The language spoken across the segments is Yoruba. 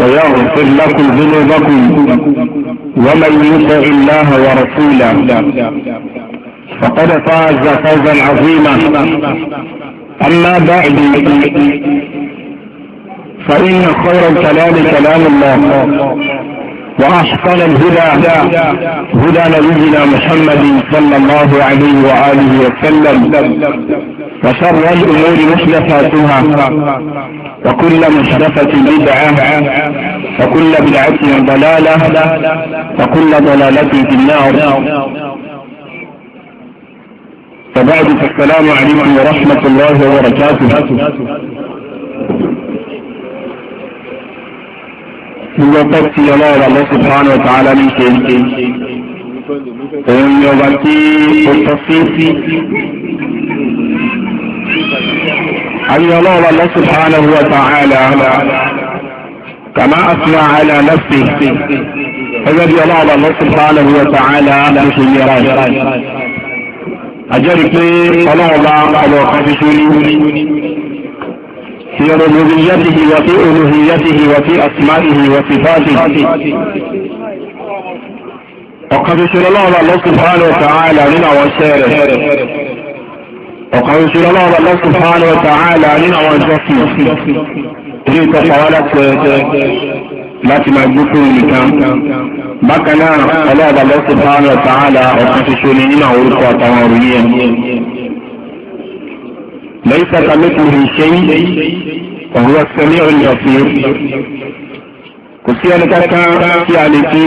ويغفر لكم ذنوبكم ومن يطع الله ورسوله فقد فاز فوزا عظيما اما بعد فان خير الكلام كلام الله وأحسن الهدى هدى نبينا محمد صلى الله عليه وآله وسلم وشر الأمور محدثاتها وكل محدثة بدعة وكل بدعة ضلالة وكل ضلالة في النار وبعد فالسلام عليكم ورحمة الله وبركاته gbogbo ọpẹ́ tí Ọlọ́run bá lọsùn fún ọtá alámi ṣe ń ṣe òun ni ọba tí ó tọ́ sí sí. àyè Ọlọ́run bá lọsùn fún ọtá alámi kàmá àfihàn àlà lọsẹ gẹ́gẹ́ bí Ọlọ́run bá lọsùn fún ọtá alámi ṣe yẹra ẹ. àjẹ́rìí pé Ọlọ́run bá ọlọ́ọ̀kan ṣoṣo ní. في ربوبيته وفي ألوهيته وفي أسمائه وصفاته ọ̀kan ṣoṣo lọ́wọ́ Allah subhanahu wa ta'ala nínú àwọn iṣẹ́ rẹ̀ ọ̀kan ṣoṣo lọ́wọ́ Allah subhanahu wa ta'ala nínú àwọn ìjọsìn ilé ìtọ́fà wa láti ẹ̀jẹ̀ láti máa gbé fún nìkan bákan náà ọlọ́wọ́ Allah subhanahu wa ta'ala ọ̀kan ṣoṣo ni nínú àwọn orúkọ àtàwọn òrùn yẹn. ليس كمثله شيء وهو السميع البصير kò sí ẹni kankan tí a lè fi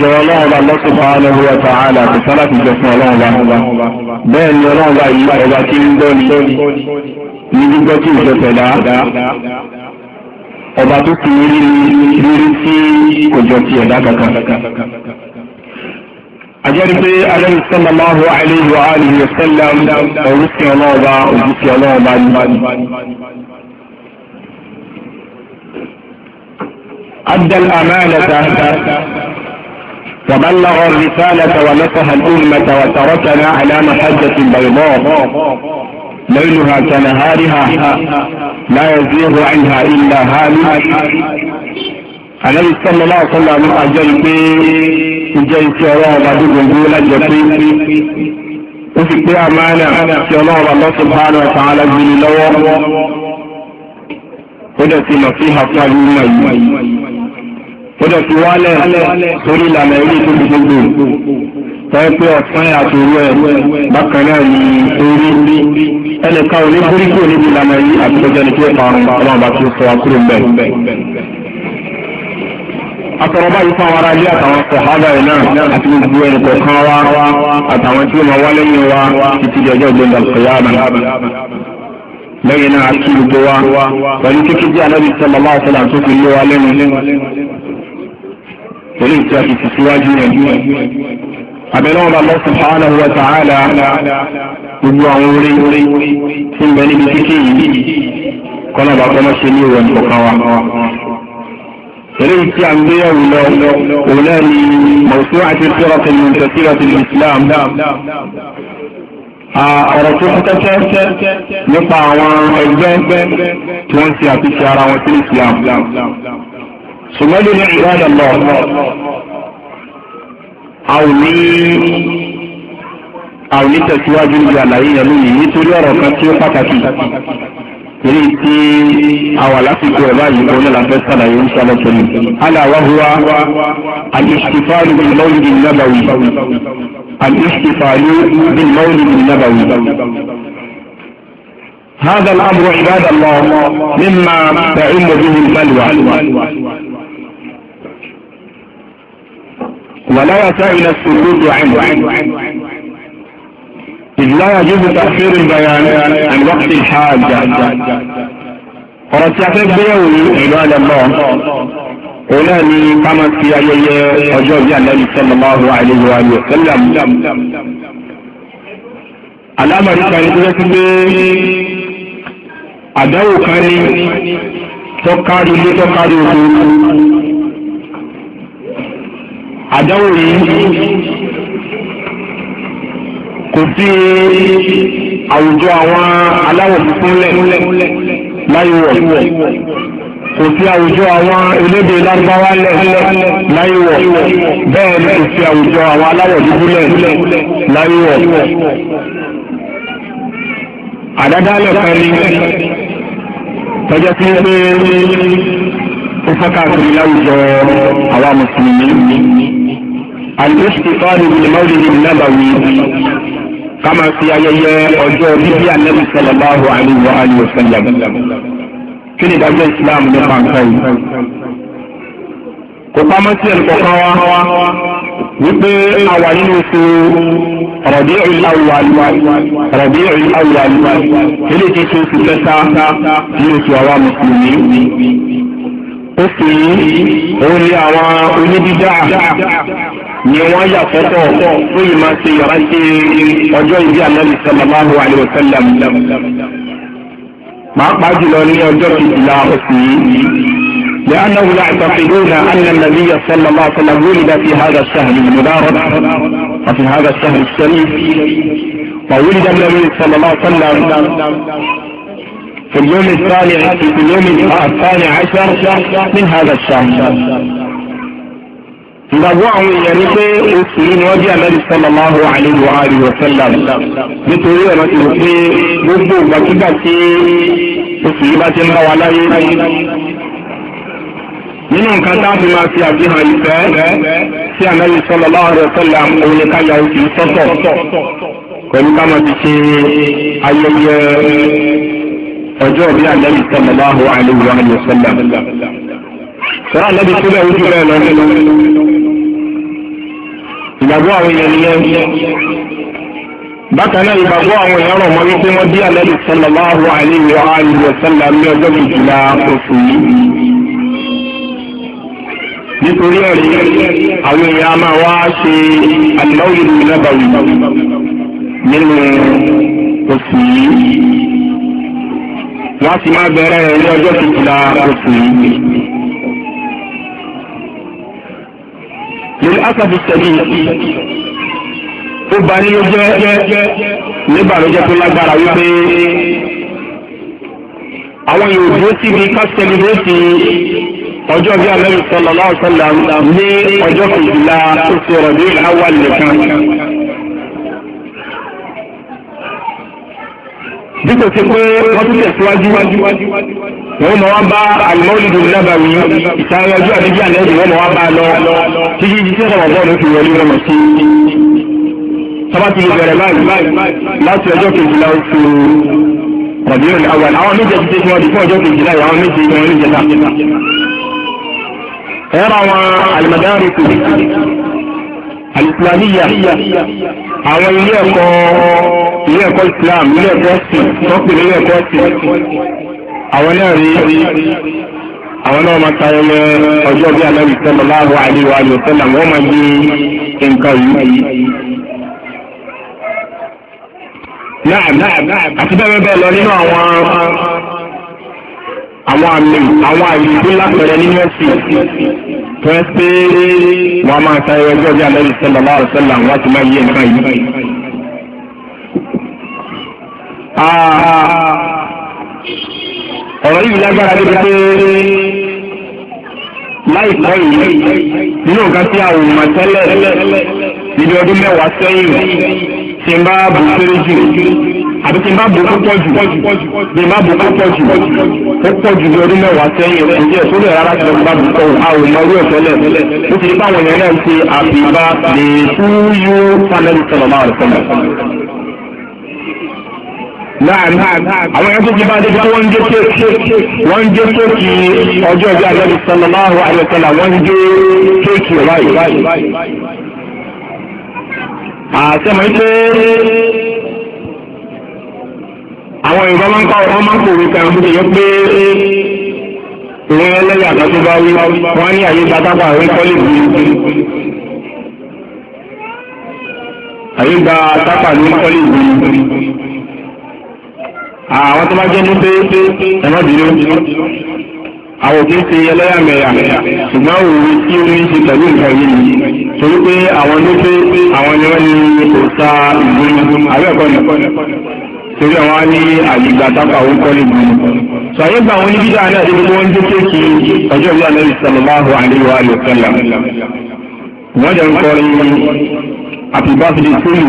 jọ ọlọ́run bá subhanahu wa ta'ala kò sálà fi jọ fún ọlọ́run bá bẹ́ẹ̀ ni ọlọ́run bá ọba tí ń gbọ́ ni ní gbígbọ́ tí ìjọ tẹ̀dá ọba tó ti rí rí sí kò jọ ti kankan. ajẹ́rìí pé alẹ́rìí sallallahu alayhi wa alihi wa sallam òwúsí ọlọ́ọ̀bá òjúsí ọlọ́ọ̀bá ní. أدى الأمانة وبلغ الرسالة ونصح الأمة وتركنا على محجة بيضاء ليلها كنهارها لا يزيغ عنها إلا هالك النبي صلى الله عليه وسلم أجل ìjẹ́ iṣẹ́ ọlọ́run bá dùn gbogbo lájọ pé ó sì pé àmàlà tí ọlọ́run bá lọ́sọ̀ bá rẹ̀ fà á lágbèrè lọ́wọ́ ó dẹ̀ ti lọ sí àfún àlùmọ̀ yìí ó dẹ̀ ti wálẹ̀ sórí ìlànà eré tó fi gbogbo tọ́wọ́ pé ọ̀sán àtòrú ẹ̀ bákan náà ní orí ẹnìkan ò ní búríkù níbi ìlànà yìí àti ọjọ́ ní kí ó parun bá ti sọ akúrò bẹ́ẹ̀ atọrọba yìí fún àwọn ará ilé àtàwọn sọhábà yìí náà àti gbogbo ẹni kọ̀ọ̀kan wa àtàwọn tí ó máa wá lẹ́yìn wa títí di ọjọ́ ìgbéǹda kọyàmà lẹ́yìn náà àti gbogbo wa pẹ̀lú kíkí bí anábì sọlọ máa sọlá tó fi lé wa lẹ́nu pẹ̀lú ìtí a ti fi síwájú yẹn abẹ́rẹ́ wọn bá lọ subhanahu wa ta'ala gbogbo àwọn orí tí ń bẹ níbi kíkí yìí kọ́nà bá kọ́nà ṣe ní ìwọ̀n eléyìí tí a ń gbéyàwó lọ òun náà ni mọ̀sùn àti sọ́rọ̀tì ní tẹ̀síwájú Islam ọ̀rọ̀ tó kẹ́kẹ́ nípa àwọn ẹgbẹ́ tí wọ́n ti àfiṣe ara wọn sí Islam ṣùgbọ́n ní ìrádà lọ a ò ní a ò ní tẹ̀síwájú níbi àlàyé yẹn lónìí nítorí ọ̀rọ̀ kan tí ó pàtàkì eré tí àwọn aláfikún ẹ̀ báyìí kò ní làbẹ́ sàlàyé ń sálọ pẹ̀lú. aláwáhùwá alìsìfàlù ìlọ́ọ̀lì nàbàwì alìsìfàlù ìlọ́ọ̀lì nàbàwì. هذا الأمر عباد الله مما تعم به البلوى ولا يسعنا السكوت عنه إذ لا يجوز تأخير البيان عن وقت الحاجة ọ̀rọ̀ tí a fẹ́ gbéyàwó ìlú àdàmọ́ òun náà ni ká máa fi ayẹyẹ ọjọ́ bí Ànábì sallallahu alaihi wa sallam alámọ̀rí kan ní kúrẹ́ pé àdáwò kan ní tọ́kárí ilé tọ́kárí oko àdáwò yìí kò sí àwùjọ àwọn aláwọ̀ kúnlẹ̀ láyé wọ̀ kò sí àwùjọ àwọn elédè lárúbáwá lẹ̀ láyé wọ̀ bẹ́ẹ̀ ni kò sí àwùjọ àwọn aláwọ̀ dúdú lẹ̀ láyé wọ̀ àdádálẹ̀ kan ní tọ́jọ́ sí pé ó fọ́ká kiri láwùjọ àwa mùsùlùmí àlùfáà ní ìlú mọ́lẹ́dì nàbàwí. kama si fi ayẹyẹ ọjọ́ bíbí anabi sallallahu alayhi wa wa sallam kí ni islam nípa nǹkan kò pamọ́ sí ẹnìkọ̀ọ̀kan wa wípé a wà nínú oṣù Rabi'ul Awwal Rabi'ul Awwal eléyìí ti si oṣù kẹta ní oṣù àwa mùsùlùmí ó sì ń ni wọ́n yà sọ́tọ̀ fún ìmọ̀ ṣe yàrá ṣe ọjọ́ ìbí Ànábì sallallahu alaihi wasallam. pàápàá jùlọ ní ọjọ́ kejìlá oṣù yìí. يعتقدون أن النبي صلى الله عليه وسلم ولد في هذا الشهر المبارك وفي هذا الشهر الشريف وولد النبي صلى الله عليه وسلم في اليوم الثاني في اليوم الثاني عشر من هذا الشهر ìgbàgbọ́ àwọn èèyàn ni pé oṣù yìí ni wọ́n bí ànábì sallallahu alaihi wa alihi wa sallam nítorí ọ̀nà ti rò pé gbogbo ìgbàkígbà tí oṣù yìí bá ti ń bá wa láyé nínú nǹkan tá a fi máa fi àfihàn ìfẹ́ sí ànábì sallallahu alaihi wa sallam òun ni ká ya oṣù yìí sọ́tọ̀ pẹ̀lú ká máa fi ṣe ayẹyẹ ọjọ́ bí ànábì sallallahu alaihi wa alihi wa sallam sọ̀rọ̀ ìgbàgbọ́ àwọn èèyàn nìyẹn bákan náà ìgbàgbọ́ àwọn èèyàn rọ̀ mọ́ wípé wọ́n bí alẹ́ sallallahu alaihi wa alihi wa sallam ní ọjọ́ kejìlá oṣù yìí nítorí ẹ̀rí àwọn èèyàn a máa wá ṣe àlọ́yé nàbàwì nínú oṣù yìí wọ́n á sì máa bẹ̀rẹ̀ ní ọjọ́ kejìlá oṣù yìí. lórí asafi tẹ̀lé ó bani ló jẹ́ níbàlójẹ́ tó lágbára wípé àwọn yòòdó síbi ká sẹlẹ̀bẹ̀tì ọjọ́ bíi Ànábì sallallahu alaihi wasallam ní ọjọ́ kejìlá oṣù Rabiul Awwal nìkan. bí kò sí pé wọ́n tún tẹ̀síwájú wájú wájú wájú wọ́n mọ̀ wá bá alimọ́lìdì nàbàwí ìtayọ̀ ọjọ́ àdébí àlẹ́jì wọ́n mọ̀ wá bá a lọ títí títí sọ̀rọ̀ bọ́ọ̀lù fi wọlé rẹ̀ mọ̀ sí. sábà ti lè bẹ̀rẹ̀ báyìí láti ọjọ́ kejìlá oṣù tàbí ọ̀nà àwọn àwọn méje ti tẹ́tí wọn di fún ọjọ́ kejìlá yìí àwọn méje wọn ní ìjẹta. ẹ̀rọ àwọn alimadari kù alisilamiya àwọn ilé ẹ̀kọ́ ilé ẹ̀kọ́ islam ilé ẹ̀kọ́ sí tọ́pì ilé ẹ̀kọ́ sí àwọn náà rí àwọn náà máa tayọ mọ ọjọ́ bí anábì sọlọ láàbọ̀ àdìrò àdìrò yi. Na máa di nǹkan yìí. àti bẹ́ẹ̀ bẹ́ẹ̀ lọ nínú àwọn àwọn àmì àwọn àmì tó lápẹ̀rẹ̀ nínú ẹ̀sìn tó ẹ pé wọ́n máa ọjọ́ bí máa nǹkan yìí. Ah, ọ̀rọ̀ yìí lágbára débi pé láìpẹ́ yìí nínú nǹkan tí a ò mọ̀ tẹ́lẹ̀ níbi ọdún mẹ́wàá sẹ́yìn tí n bá bù kéré jù àbí tí n bá bù púpọ̀ jù tí n bá bù púpọ̀ jù púpọ̀ jù ní ọdún mẹ́wàá sẹ́yìn ìdí ẹ̀sùn lè rárá tí n bá bù pọ̀ a ò mọ̀ orí ẹ̀ tẹ́lẹ̀ ó ti báwọn yẹn náà ṣe àbíbá lè fún yóò fún amẹ́ríkà lọ́mọ́ àrùn láàrin àwọn ẹ̀sùn ti bá dé pé wọ́n ń gé kéèkì wọ́n ń gé kéèkì ọjọ́ ìgbà àgbẹ̀bí sallallahu alaihi wasallam wọ́n ń gé kéèkì báyìí. àtẹ̀mọ̀ yìí pé àwọn Yorùbá máa ń kọ́ wọ́n máa ń kòwé kan fún ìyẹn pé ẹlẹ́yà kan tó bá wí àwọn tó bá jẹ́ ní pé ẹ má bínú àwọn òkè ṣe ẹlẹ́yàmẹ̀yà ṣùgbọ́n òwe tí ó ní ṣe pẹ̀lú nǹkan yìí nìyí torí pé àwọn ní pé àwọn ni wọ́n ní òòta ìgbóni àbẹ́ẹ̀kọ́ ni torí àwọn á ní àyígbà tápà ó kọ́ níbi sọ àyè gba àwọn oníbídà náà débi tí wọ́n ń dúpẹ́ kí ọjọ́ ìlú àná sallallahu alaihi wa alihi wasallam wọ́n jẹ́ ń kọ́ ní àpìbáfìdì tóyù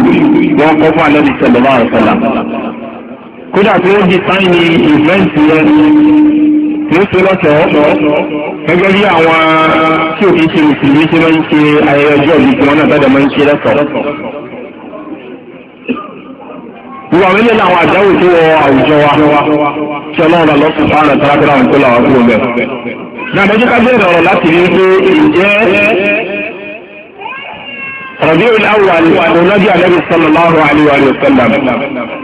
wọ́n kọ́ fún àná sallallahu alaihi wasallam kódà tí ó di sáìnì ìfẹ́ǹtì yẹn tí ó ṣe lọ́sọ̀ọ́ gẹ́gẹ́ bí àwọn tí ò kí ṣe mùsùlùmí ṣe máa ń ṣe ayẹyẹ ọjọ́ ìlú tí wọ́n náà dáadáa máa ń ṣe lọ́sọ̀ọ́. Ìwà wílé làwọn àjáwò tó wọ àwùjọ wa tí ọlọ́run lọ sùn fáwọn ọ̀tá lábẹ́rẹ́ àwọn tó làwọn kúrò bẹ́ẹ̀. Ní àbẹ́jọ́ ká bẹ̀rẹ̀ ọ̀rọ̀ láti rí pé ìjẹ́ Rabiul Awwal lọ́jọ́ Ànábì sallallahu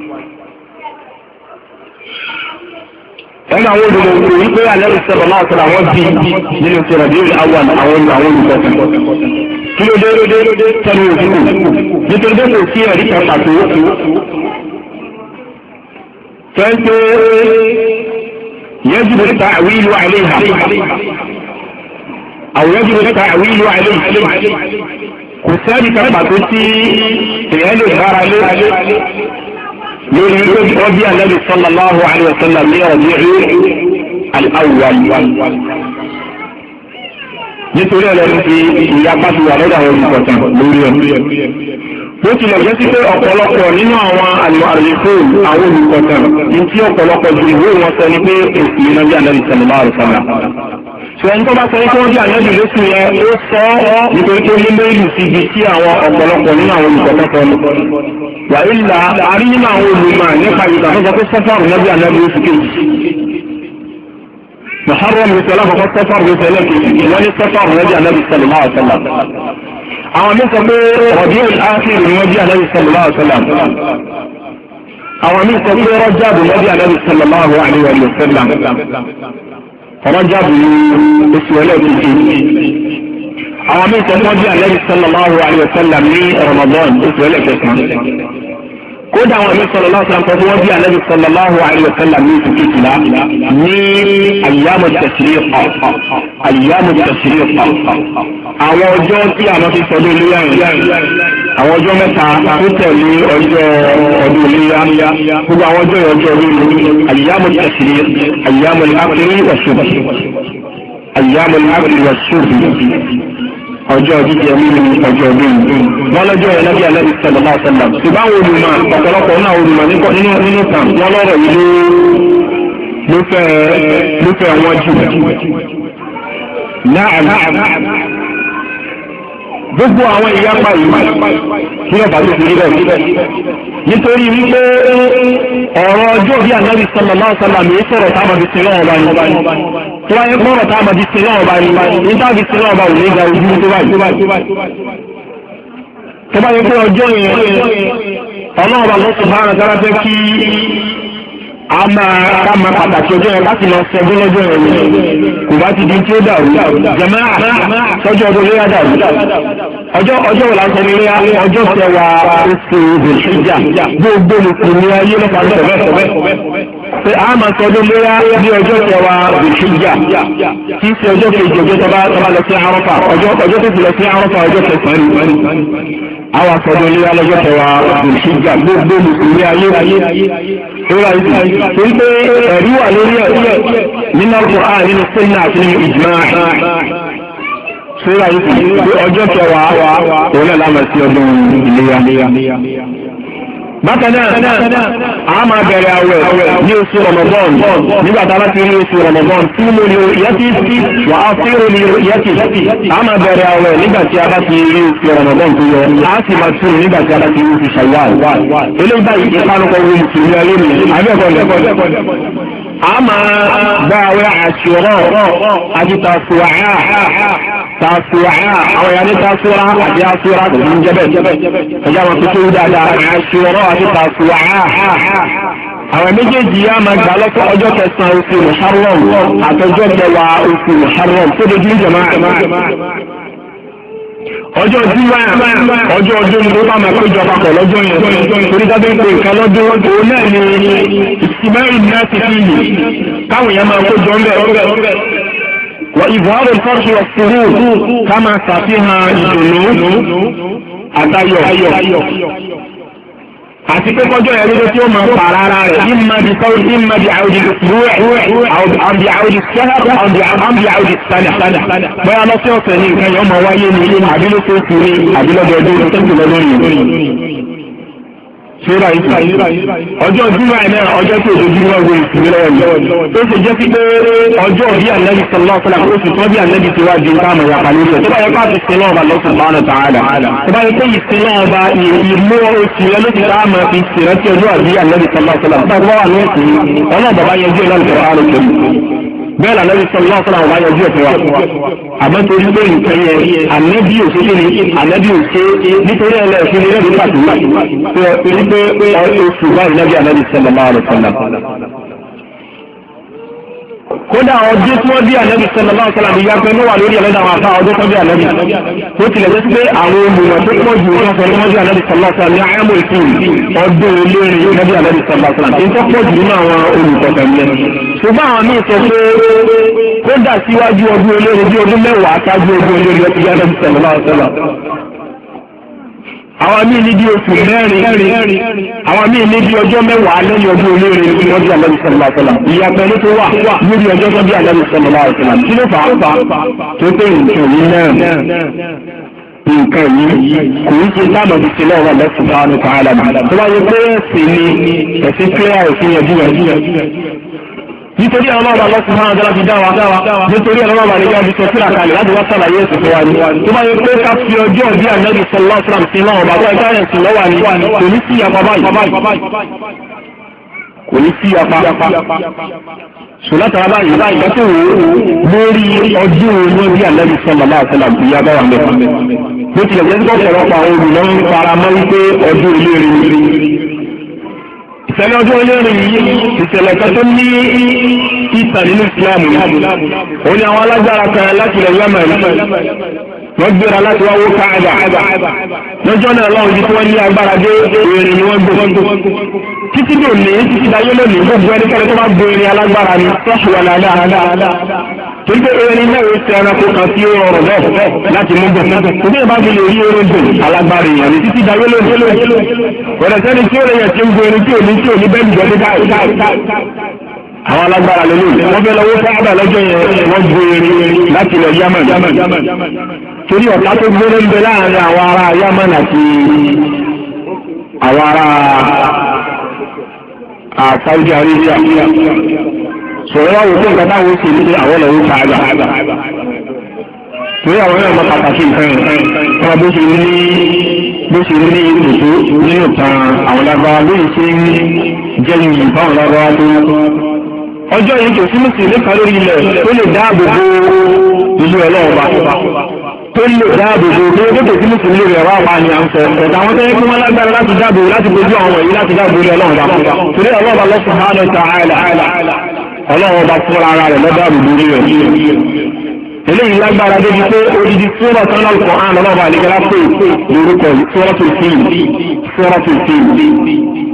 nínú àwọn olùmọ̀ọ́kọ̀ yìí pé alẹ́ ìṣẹ̀lẹ̀ náà sọ̀rọ̀ àwọn bí nínú sọ̀rọ̀ bí àwọn àwọn àwọn olùkọ́ kí ló dé tẹnu òkú nítorí pé kò sí ẹ̀rí kan pàtó fẹ́ńtò يجب التعويل عليها أو يجب التعويل عليه kò sẹ́ni kan pàtó tí èèyàn lè gbára lé lórí wípé wọ́n bí anabi sallallahu alayhi wa sallam ní ọ̀dẹ́rẹ́ al-awwal. nítorí ọ̀rẹ́ mi fi ìyapa ti wà lọ́dọ̀ àwọn olùkọ̀tàn lórí ẹ̀. bó tilẹ̀ jẹ́ sí pé ọ̀pọ̀lọpọ̀ nínú àwọn àlùfóò àwọn olùkọ̀tàn ní tí ọ̀pọ̀lọpọ̀ ju ìwé wọn sọ ni pé èsì iná bí anabi sallallahu alayhi wa sọ̀rọ̀ tó bá sọ wípé ó jẹ́ ànábì lóṣù yẹn ó sọ ọ́ nítorí pé lílo ìlú sí ibi tí àwọn ọ̀pọ̀lọpọ̀ nínú àwọn olùkọ́kọ́ ni. wàyí là á rí nínú àwọn olùmọ̀ nípa ìgbà tó sọ pé sẹ́fàrù nábì ànábì oṣù kejì. muharram ní sọlá kọ́kọ́ sẹ́fàrù ní sọlá kejì wọ́n ní sẹ́fàrù nábì ànábì sọlá àwọn mi sọ pé rọ̀bíọ̀lù áfíìrì ni wọ́n jẹ́ ànábì sọlá ọ̀sọ̀lá rọ́jàbù ní oṣù ẹlẹ́ẹ̀kejì àwọn míì tẹ́ wọ́n bí alẹ́bí sallallahu alayhi wa sallam ní ramadan oṣù ẹlẹ́ẹ̀kẹsàn kódà àwọn ẹ̀mí sọ̀rọ̀ láti ṣàǹkọ́ tí wọ́n bí alẹ́bí sallallahu alayhi wa sallam ní oṣù kejìlá ní ayyamu tashriq ayyamu tashriq àwọn ọjọ́ tí àwọn fi sọ lórí ẹ̀yìn àwọn ọjọ́ mẹ́ta tó tẹ̀lé ọjọ́ ọdún iléyá gbogbo àwọn ọjọ́ ìrọ̀jọ́ lóru àyíyámọ̀ ìtẹ̀sílẹ̀ àyíyámọ̀ ìhákiri wọ̀ṣọ́bì àyíyámọ̀ ìhákiri wọ̀ṣọ́bì ọjọ́ jíjẹ mímu ọjọ́ ọdún wọn lọ́jọ́ yẹn lẹ́bí alẹ́bí sọ̀rọ̀ bá sọ̀rọ̀ ṣùgbọ́n àwọn olùmọ̀ ọ̀pọ̀lọpọ̀ náà olùmọ̀ nínú kan wọn lọ́rọ̀ yìí ló fẹ́ wọn jù náà gbogbo àwọn ìyapa yìí ní ọba tó ti rí bẹ́ẹ̀ nítorí wípé ọ̀rọ̀ ọjọ́ bíi anabi sallallahu alaihi wasallam yìí sọ̀rọ̀ táwọn fi sinú ọba ni tí wọ́n yẹ kọ́rọ̀ táwọn fi sinú ọba ni ní táwọn fi sinú ọba ò ní ga ojú tó báyìí tó bá yẹ kó ọjọ́ yẹn ọlọ́ọ̀bà lọ́sùn bá ara dára fẹ́ kí. a máa ká máa pàtàkì ọjọ́ yẹn láti máa sẹ́gun lọ́jọ́ yẹn kò bá ti di tí ó dàrú ọdún léyà dàrú ọjọ́ ọjọ́ wò léyà ọjọ́ oṣù gbogbo ayé lọ́pàá pé a máa sọ ọdún léyà ní ọjọ́ ṣe ọjọ́ kejì ọjọ́ tọba tọba lọ sí arọ́fà ọjọ́ tó ti lọ sí arọ́fà ọjọ́ kẹsàn-án àwọn léyà lọ́jọ́ ìwà ìdí torí pé ẹ̀rí wà lórí ẹ̀ nínú Al-Qur'an nínú sẹ́yìn àti nínú ìjìmá sórí àyíkú ọjọ́ kẹwàá òun náà lámà sí ọdún ìléyà bákan náà a máa bẹ̀rẹ̀ àwẹ̀ ní oṣù rọ̀mọ̀bọ́n nígbà tá a bá ti rí oṣù rọ̀mọ̀bọ́n tí mo ní yẹtí sí wà á fi rí ní yẹtí a máa bẹ̀rẹ̀ àwẹ̀ nígbà tí a bá ti rí oṣù rọ̀mọ̀bọ́n tó yẹ a sì máa tún nígbà tí a bá ti rí oṣù ṣàwáàlì eléyìí báyìí ìpanukọ̀ wo ìtùnú ayé mi àbẹ̀kọ̀ lẹ́kọ̀ọ́ àmà gbàwé àṣùrọ̀ àti tàṣùwàá tàṣùwàá àwọn ìyá ní tàṣùwàá àti àṣùwàá kò ní jẹ́bẹ̀ ẹ̀jẹ̀ àwọn tuntun dáadáa àṣùrọ̀ àti tàṣùwàá. àwọn méjèèjì yá máa gbà lọ́pọ̀ ọjọ́ kẹsàn-án oṣù muharram àtọjọ́ kẹwàá oṣù muharram tó dojú ìjọba ọjọ́ jíwá ọjọ́ ọdún ló bá máa péjọ papọ̀ lọ́jọ́ yẹn torí dábẹ́ ń pe nǹkan lọ́dún òun náà ni ìsìmẹ́rì náà ti fi lè káwọn yẹn máa péjọ ńbẹ. wọ ìbùhárò fọ́ọ̀tù ọ̀fùrù ká máa ṣàfihàn ìdùnnú àtayọ̀ àti pé kọjọ́ yẹn lóde tí ó máa pa ara rẹ̀ ìmọ̀ bí kọ́ ìmọ̀ bí àwòdì rúwẹ̀ àwòdì àwòdì sẹ́nà àwòdì àwòdì sẹ́nà bóyá lọ́sẹ̀ ọ̀sẹ̀ ni nǹkan yẹn máa wáyé ní àbílẹ̀ tó kù ní síra yìí ọjọ́ júmọ̀ ẹ̀ náà ọjọ́ tí òjò júmọ̀ wo ìsinmi lọ́wọ́ mi ó sì jẹ́ pé ọjọ́ bí ànábì sọlọ́ ọ̀sán àti oṣù tó bí ànábì ti wá ju káàmù ìyàpá lórí ẹ̀ tó bá yẹ káàtì sinú ọba lọ́sùn bá ọ̀nà tààdà tó bá yẹ pé ìsinú ọba ìlú oṣù yẹn ló ti káàmù ìsìnrẹ́tì ọjọ́ àbí ànábì sọlọ́ ọ̀sán àti bẹ́ẹ̀ lànà bí sọlá ọ̀sán àwọn ọ̀báyọ̀ ojú ẹ̀sìn wa àmọ́ torí pé nǹkan yẹn ànábì òṣèlú ni ànábì òṣèlú nítorí ẹ̀ lẹ́ẹ̀fín ní ẹ̀rí pàtó torí pé oṣù báyìí nábì ànábì sọlá máa rẹ̀ sọlá kódà ọdún tí wọ́n bí ànábì sọ̀rọ̀ náà sọ̀rọ̀ àbí yàgbẹ́ ló wà lórí ẹ̀lẹ́dà àwọn afá ọdún tó bí ànábì. ó tilẹ̀ jẹ́ pé àwọn olùyọ̀ tó pọ̀ jù wọ́n sọ̀rọ̀ wọ́n bí ànábì sọ̀rọ̀ náà sọ̀rọ̀ ní àyàmọ̀ ètò ọdún olórin yóò nábì ànábì sọ̀rọ̀ náà sọ̀rọ̀ tó pọ̀ jù nínú àwọn olùkọ̀tà yẹn. ṣùgbọ́n àwọn míì sọ pé kódà síwájú ọdún olórin bí ọdún mẹ́wàá àwọn míì ní bí oṣù mẹ́rin àwọn míì ní bí ọjọ́ mẹ́wàá lẹ́yìn ọdún olóore ní wọ́n bí alẹ́ sọ̀rọ̀ àṣọlá ìyàtọ̀ ní tó wà lórí ọjọ́ tó bí alẹ́ sọ̀rọ̀ àṣọlá kí ló fà á tó pé nǹkan yìí náà nǹkan yìí kò ń ṣe dáàbò bí sílẹ̀ wà lẹ́sùn táwọn ọkọ̀ àlàmà tó wáyé pé ẹ̀sìn ni ẹ̀sìn kíláà ẹ̀sìn yẹn nítorí àwọn ọlọ́ọ̀bà lọ́sùn máa ń dára fi dá wa nítorí àwọn ọlọ́ọ̀bà lè yára fi sọ síra kalẹ̀ láti wá sàlàyé ẹ̀sìn fún wa ni. tó bá yẹ pé ká fi ọjọ́ bí ànábì sọlá islam sí náà ọba báyìí káyọ̀ sí lọ́wọ́ ni kò ní sí yapa báyìí kò ní sí yapa. sùlátà báyìí báyìí tó wò ó lórí ọjọ́ ọjọ́ bí ànábì sọlá islam sí yaba wà mẹ́fà. bó tilẹ̀ jẹ́ ìṣẹ̀lẹ̀ ọdún olórin yìí ìṣẹ̀lẹ̀ kan tó ní ìtàn nínú ìsìlámù yìí òun ni àwọn alágbára kan láti ilẹ̀ yamẹ̀ wọ́n gbéra láti wá wó káàdà lọ́jọ́ náà lọ́wọ́ ibi tí wọ́n ní agbára dé èrè ni wọ́n gbó títí dòní títí dayé lónìí gbogbo ẹnikẹ́ni tó bá gbó èrè alágbára ni tọ́sù wà dáadáa torí pé erin náà ó ti ẹranko kan sí ọrọ̀ bẹ́ẹ̀ láti mú bọ̀. òbí ìbá fi lè rí orin dùn alágbára èèyàn ní títí dayé lónìí. ọ̀rẹ́ sẹ́ni tí ó rẹ̀ yẹn ti ń gbé erin tí ò ni tí ni ní bẹ́ẹ̀ nìjọ́ dé báyìí àwọn alágbára lè lóyún wọn fẹ́ lọ́wọ́ sábà lọ́jọ́ yẹn wọ́n gbé erin láti ilẹ̀ Yemen torí ọ̀tá tó gbére ń bẹ láàrin àwọn ará Yemen àti àwọn ará ah, Saudi Arabia sọ̀rọ̀ wá wò fún nǹkan táwọn ṣe ní àwọn ọ̀lọ́wọ́ ta àgbà. torí àwọn náà mọ pàtàkì nǹkan ọ̀rọ̀ bó ṣe ní bó ṣe ní ìtòtó nínú tan àwọn lágbára lóyè ṣe ń jẹ́nu yìí fáwọn lágbára tó ń kọ́. ọjọ́ yìí kò sí mùsùlùmí kan lórí ilẹ̀ tó lè dáàbò bo ìlú ọlọ́ọ̀ba tó lè dáàbò bo tó lè tètè mùsùlùmí rẹ̀ wá wà ní à ń sọ ọ̀tà àwọn tẹ́lẹ̀ kí wọ́n lágbára láti dáàbò láti gbójú àwọn èyí láti dáàbò ilé ọlọ́ọ̀ba torí ọlọ́ọ̀ba lọ́sùn ọlọ́run ọba fúnra ara rẹ̀ lọ́dọ̀ àbùdó rí rẹ̀ eléyìí lágbára débi pé odidi sọ́rọ̀ sọ́nà ọ̀kan án ọlọ́ba àlejòlá pé lórúkọ sọ́rọ̀ tó fi sọ́rọ̀ tó fi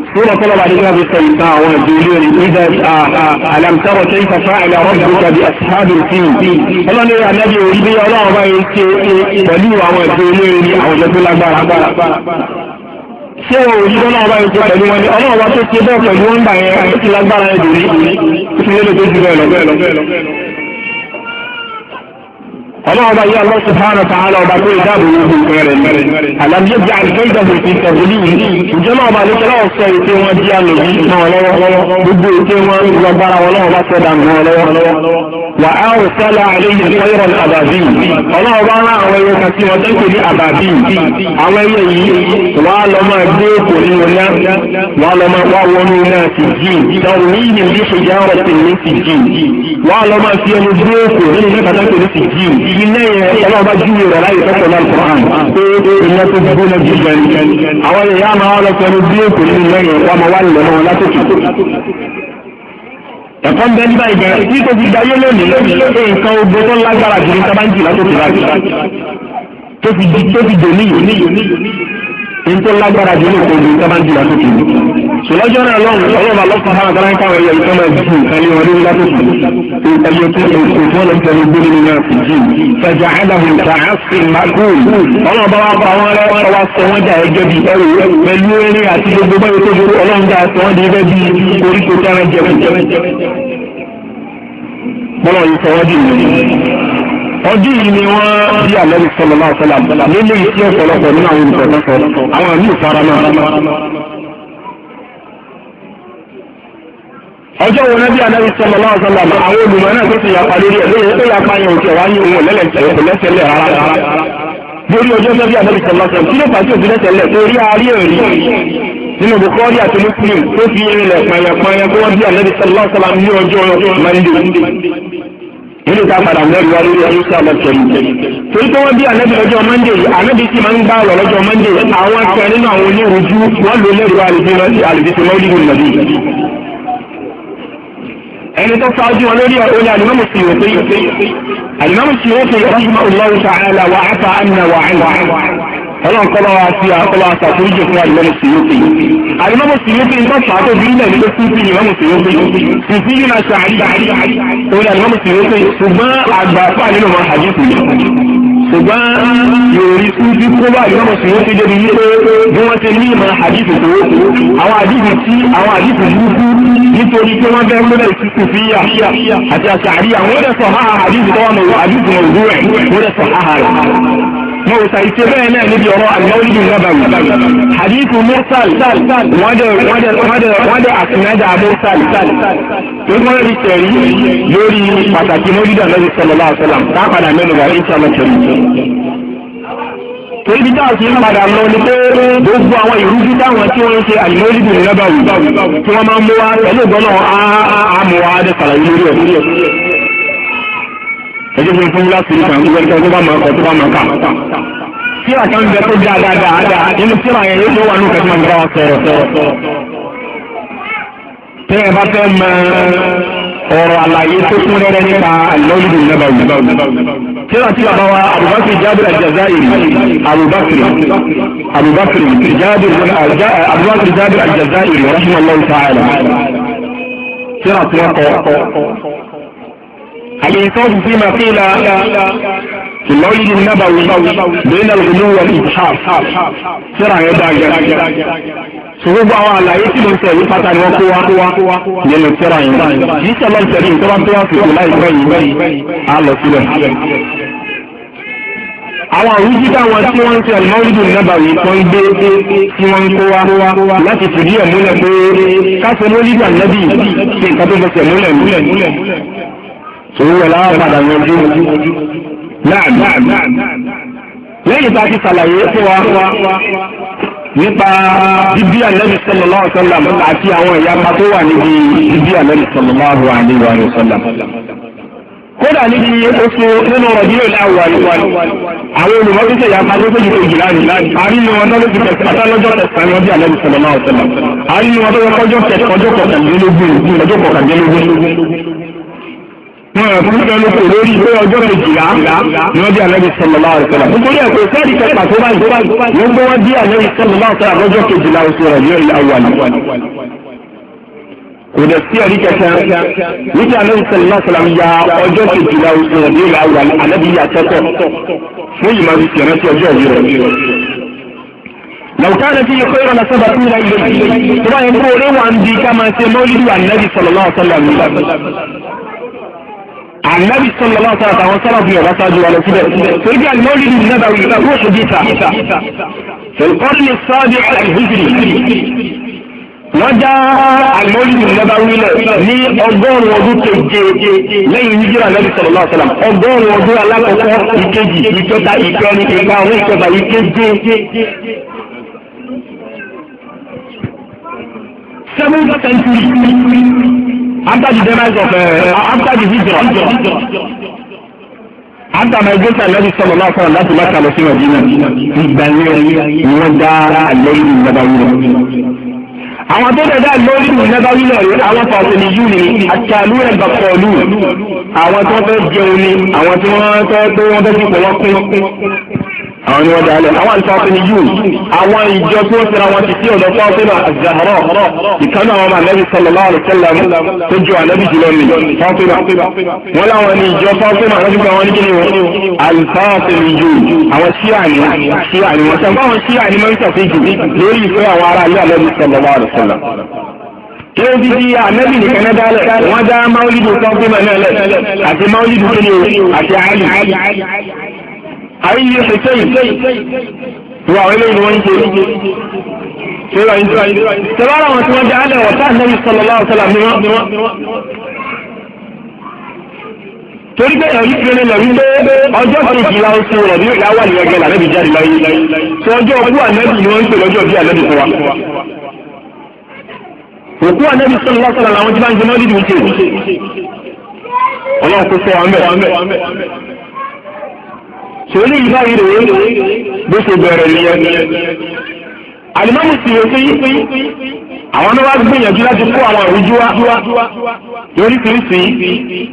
sọ́rọ̀ sọ́nà ọba àlejòlá fi sọ ìta àwọn ìdí ilé rẹ̀ ìdá àlàmtọ́rọ̀ tó ń fafá ilẹ̀ ọ̀rọ̀ ìgbà bí asáàbì fi ọlọ́ni ànábi òrí bí ọlọ́run ọba ṣé o òṣìṣẹ́ náà bá yẹn ti pẹ̀lú wọn ni ọlọ́run wá tó ti bẹ́ẹ̀ pẹ̀lú wọn gbà yẹn àyẹ̀tì lágbára ẹ̀dùn ní ìfúnlẹ́lẹ́ tó ju bẹ́ẹ̀ lọ bẹ́ẹ̀ lọ bẹ́ẹ̀ lọ ọlọ́ọ̀bá yìí Allah subhanahu wa ta'ala ọba tó ìdáàbò yóò fún kẹrẹ alam yaj'al kaydahum fi tadlil ìjọba ọba ní kẹlẹ́ ọ̀sẹ̀ ètè wọn di àlòyí náà lọ́wọ́ gbogbo ètè wọn lọ́gbára wọn lọ́wọ́ bá sọ dànù wọn lọ́wọ́. wà á ò sálà àlẹ́yìn ìfọyọ̀rọ̀ àbàbí ọlọ́ọ̀bá ńlá àwọn ẹyẹ kan tí wọ́n tẹ́kọ̀ọ́ ní àbàbí àwọn ẹyẹ yìí wà á lọ́ máa gbé òkò nínú ná wà á lọ́ máa wá wọnú náà sì jì dáhùn ní ìlú ìṣèjì àwọn ọ̀sẹ̀ ní sì jì wà á lọ́ máa fi ẹnu gbé òkò nínú mẹ́ta tẹ́kọ̀ọ́ ní sì jì iná yẹn ọlọ́run bá jí yẹn rẹ̀ láyé tọ́kọ̀ náà kọ́ran pé iná tó ti gbóná jù gan. àwọn èèyàn máa lọ sọnù bí èkó ní iná yẹn wọ́n máa wá lọ náà látòkè. ẹ̀kọ́ ń bẹ ní báyìí gan tí kò ti dayé lónìí nǹkan ogun tó lágbára jù ní sábàǹjì látòkè láti tó fi dè níyì ní tó lágbára jù ní òkè ní sábàǹjì látòkè sọlọ́jọ́ náà lọ́run ọlọ́run alọ́kùn hàn àgbára ń káwọn ẹ̀yẹ ìtọ́ máa jù kálí wọn lórí lábẹ́ òkú ẹ̀yẹ tó èkó fọ́nà ń tẹ̀lé gbé nínú náà jù fẹ̀jà àdàhùn kàásì mákòó ọlọ́run bá wà pa wọn lẹ́wọ́n wá sọ wọ́n jà ẹjọ́ bíi ẹrù pẹ̀lú eré àti gbogbo báyìí tó dúró ọlọ́run jà sọ wọ́n di ibẹ̀ bíi koríko tẹ́rẹ̀ jẹ ọdún yìí ni wọ́n bí alẹ́ sọlọ́lá sọlá nínú ìṣẹ́ ọ̀pọ̀lọpọ̀ nínú àwọn olùkọ́ àwọn àmì ìfaramọ́ ọjọ́ wo nábì anábì sọlọ lọ́wọ́ sọlọ àmọ́ àwọn olùmọ̀ náà tó ti yapa lórí ẹ̀ lóye tó yapa yẹn òkè wá ní òun lẹ́lẹ̀tẹ̀lẹ̀ rárá lórí ọjọ́ nábì anábì sọlọ sọlọ kí ló fà sí òfin lẹ́tẹ̀lẹ̀ torí àárí ẹ̀rí nínú bukori àti muslim tó fi rinlẹ̀ pẹ̀yẹpẹ̀yẹ kó wọ́n bí anábì sọlọ sọlọ ní ọjọ́ mande nínú ká padà mẹ́rin wá lórí ọdún sábà tẹ̀lé torí pé wọ́n bí anábì lọ́jọ́ mande anábì sì máa ń ẹni tó ṣáájú wọn lórí ọ̀rọ̀ ní alimami Suyuti alimami Suyuti rahimahullahu ta'ala wa afa anna wa anwa ọlọ́run kọ́ bá wa sí àkọ́lọ́ àtàkùnjẹ fún alimami Suyuti alimami Suyuti ń bá pàtó bí ilẹ̀ nílé fífi alimami Suyuti fífi yìí náà ṣe àríyá òun alimami Suyuti ṣùgbọ́n àgbà fún àlejò wọn yìí ṣùgbọ́n yorì fúdú kó bá ìmọ̀ sí ó ti débi wípé bí wọ́n ti ní ìmọ̀ àdìsí tó àwọn àdìsí tí àwọn àdìsí burúkú nítorí pé wọ́n fẹ́ múlẹ̀ ìsìnkú fi yà àti àṣà àríyá wọ́n dẹ̀ sọ̀ ha àdìsí tó wà mọ̀ àdìsí mọ̀ òwúrẹ̀ wọ́n dẹ̀ sọ̀ ha rẹ̀. mo ò ṣàìṣe bẹ́ẹ̀ náà níbi ọ̀rọ̀ àlùmọ́lùdù nàbàwì hadithu mursal wọ́n dẹ̀ àtúnájà mursal tó wọ́n tẹ̀rí lórí pàtàkì mọ́lùdù àlọ́dún sallallahu alaihi káàpadà mẹ́nu wà ní sọlọ tẹ̀rí. Ebi táà sí padà lọ ni pé gbogbo àwọn ìrújú táwọn tí wọ́n ń ṣe tí wọ́n máa ń mú wa pẹ̀lú ìgbọ́nà ẹjọ́ fún fún láti rí kàn gbogbo ẹni tó bá máa kọ tó bá máa kà. síra kan bẹ tó bí àdáadáa inú síra yẹn yóò wà nù kẹsàn-án bá wa sọ̀rọ̀. tẹ́ ẹ bá fẹ́ mọ ọ̀rọ̀ àlàyé tó kún rẹ́rẹ́ nípa àlọ́lùdù nàbàwù. síra tí bàbá wa Abubakar Jabir Aljazairi Abubakar Abubakar Jabir Abubakar Jabir Aljazairi rahimallahu ta'ala. síra tí wọ́n kọ́ الإنصاف فيما قيل في المولد النبوي بين الغلو والإجحاف سرع يداجا sùgbọ́n àwọn àlàyé tí mo ń sọ yìí pátá ni wọ́n kó wá nínú tẹ́ra yìí yìí sọlọ́ ìtẹ̀lé ìjọba tó wá fìdí láìpẹ́ yìí á lọ sílẹ̀. àwọn àwùjí táwọn tí wọ́n ń sọ ìmọ̀lùdù nàbàwí tó ń gbé tí wọ́n ń kó wá láti fìdí ẹ̀ múlẹ̀ pé káṣẹ́ lólídà nẹ́bì ṣe nǹkan tó fẹsẹ̀ múlẹ̀ múlẹ̀ owó ẹ̀ láwọn padà yanjú náà lẹ́yìn tá a ti ṣàlàyé fún wa nípa bíbí ànábì sallallahu alaihi wasallam àti àwọn ìyapa tó wà níbi bíbí ànábì sallallahu alaihi wasallam kódà níbi oṣù nínú ọ̀dí òlà wàlúwàlú àwọn olùmọ́tòṣe ìyapa tó péjú péjì láàyè àrínú wọn náà ló ti tẹ̀sán wọn bí àlẹ́ ìṣẹ̀lẹ̀ máa ọ̀sẹ̀ wọn yà fún bẹ́ẹ̀ lóko lórí pé ọjọ́ méjìlá ni wọ́n bí alẹ́bí sọlọ́lá ọ̀sẹ̀ la. nítorí ẹ̀kọ́ sẹ́ẹ̀dì kan pàtó báyìí wọ́n gbé wọn bí alẹ́bí sọlọ́lá ọ̀sẹ̀ la kejìlá oṣù ní ìlà wà kò dẹ̀ sí ẹ̀rí kẹ̀kẹ́ wípé alẹ́bí sọlọ́lá ọ̀sẹ̀ ya ọjọ́ kejìlá oṣù ní ìlà wà ní yà tẹ́tọ̀ fún ìmọ̀ لو كان فيه خير لسبقونا إليه ثم يقولون عندي كما سمولد النبي صلى الله عليه وسلم ànábì sọlọ lọ́wọ́ sọ̀rọ̀ àwọn sọ̀rọ̀ bí ọ̀gá sáájú wa lọ síbẹ̀ torí bí àlùmọ́ọ́lì ní nàbà wí ìgbà rúṣù díta fẹ̀lkọ́rì ní sọ́ọ̀dì àìhùjìrì wọ́n já àlùmọ́ọ́lì ní nàbà wí lẹ̀ ní ọgọ́rùn-ún ọdún keje lẹ́yìn yíjú ànábì sọlọ lọ́wọ́ sọlọ ọgọ́rùn-ún ọdún alákọ̀ọ́kọ́ ìkejì ìkẹta ìkẹrin ìkarùn ìkẹfà ìkeje seventh century after the demise of uh, after the hijra after migration lẹ́yìn sọ̀rọ̀ náà sọ̀rọ̀ láti má kàlọ́ sí nàìjíríà ìgbà yẹn ni wọ́n dá lẹ́yìn ìjọba yìí àwọn tó dẹ̀ dá lórí ìjọba yìí lọ́rẹ́ àwọn fàṣẹlì yìí ni àtàlù ẹ̀ bàkọ̀ọ̀lù àwọn tó fẹ́ jẹun ni àwọn tí wọ́n fẹ́ pé wọ́n fẹ́ ti pọ̀ wọ́n pín àwọn ni wọ́n dá lẹ̀ àwọn alifáfẹ́ ni yún àwọn ìjọ tí wọ́n sẹ́ra wọn ti tí ọ̀dọ̀ fáfẹ́ náà àzàhárọ̀ ìkànnì àwọn ọmọ anabi sallallahu alaihi wasallam tó ju anabi jùlọ ni fáfẹ́ náà wọ́n láwọn ni ìjọ fáfẹ́ náà lọ́jọ́ pé àwọn ní kíni wọn alifáfẹ́ ni yún àwọn ṣíà ni ṣíà ni wọ́n sábà wọn ṣíà ni mọ́ńsà fi jù lórí ìfẹ́ àwọn ará ilé anabi sallallahu alaihi wasallam lórí ti anabi nìkan náà dálẹ̀ wọ́n dá máwúlídù fáfẹ́ náà lẹ̀ àti máwúlídù kíni àti àlì àyíyí ṣèkéyì ìwà àwọn eléyìí wọ́n ń jẹ ìwà ìjọba tẹ̀wárà wọn tí wọ́n jẹ́ alẹ́ wọ̀ sáà nẹ́bí sọ̀rọ̀ láwọ̀ sọ̀rọ̀ ni wọ́n. torí pé ẹ̀rí kiri lọ wípé ọjọ́ kejìlá oṣù rẹ̀ ní ìlà wà ní ẹgbẹ́ làlẹ́bí jáde láyé tí ọjọ́ ọdún àlẹ́bí ni wọ́n ń pè lọ́jọ́ bí àlẹ́bí fún wa. òkú àlẹ́bí sọ̀rọ̀ láwọ̀ sọ̀rọ̀ làwọn tí bá ń jẹ náà dídì sòrí ìbáyìí rèé bó ṣe bẹ̀rẹ̀ nìyẹn. àlùmọ́nì sì rè pé àwọn náà wá gbìyànjú láti kó àwọn ìrújú wá lóríṣiríṣi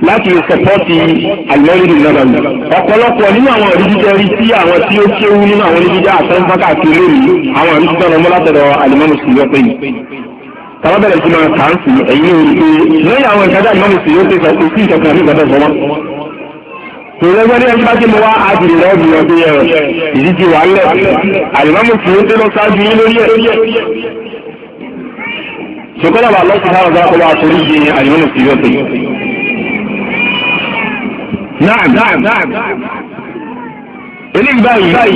láti sọpọ́tì àlùmọ́nì náà lọ. ọ̀pọ̀lọpọ̀ nínú àwọn ìrújú jẹ́ rí sí àwọn tí ó kéwú nínú àwọn oníjíjà àtẹ́ńfà káàkiri lónìí àwọn ìrújú tó ń mọ́ látọ̀dọ̀ àlùmọ́nì sì rè pé tàwọn bẹ̀rẹ̀ sí máa kà á sí ẹ̀yìn òní pé lẹ́yìn àwọn ìkájà ìmọ̀mùsì yóò tẹ̀sán òsì ìjọba àbí ìgbàdàn sọ́wọ́n tòlẹ́gbẹ́ ní ẹgbẹ́ tí mo wá àdìrí rẹ̀ mi ọdún yẹn ìdí ti wà lẹ̀ àlùmọ́mù tí ó ń dé lọ sáájú yín lórí ẹ̀. sọkọ́lá wà lọ́sùn náà ọ̀gá ọ̀gá àtòrí yìí ni àlùmọ́mù tí yóò pè. náà náà eléyìí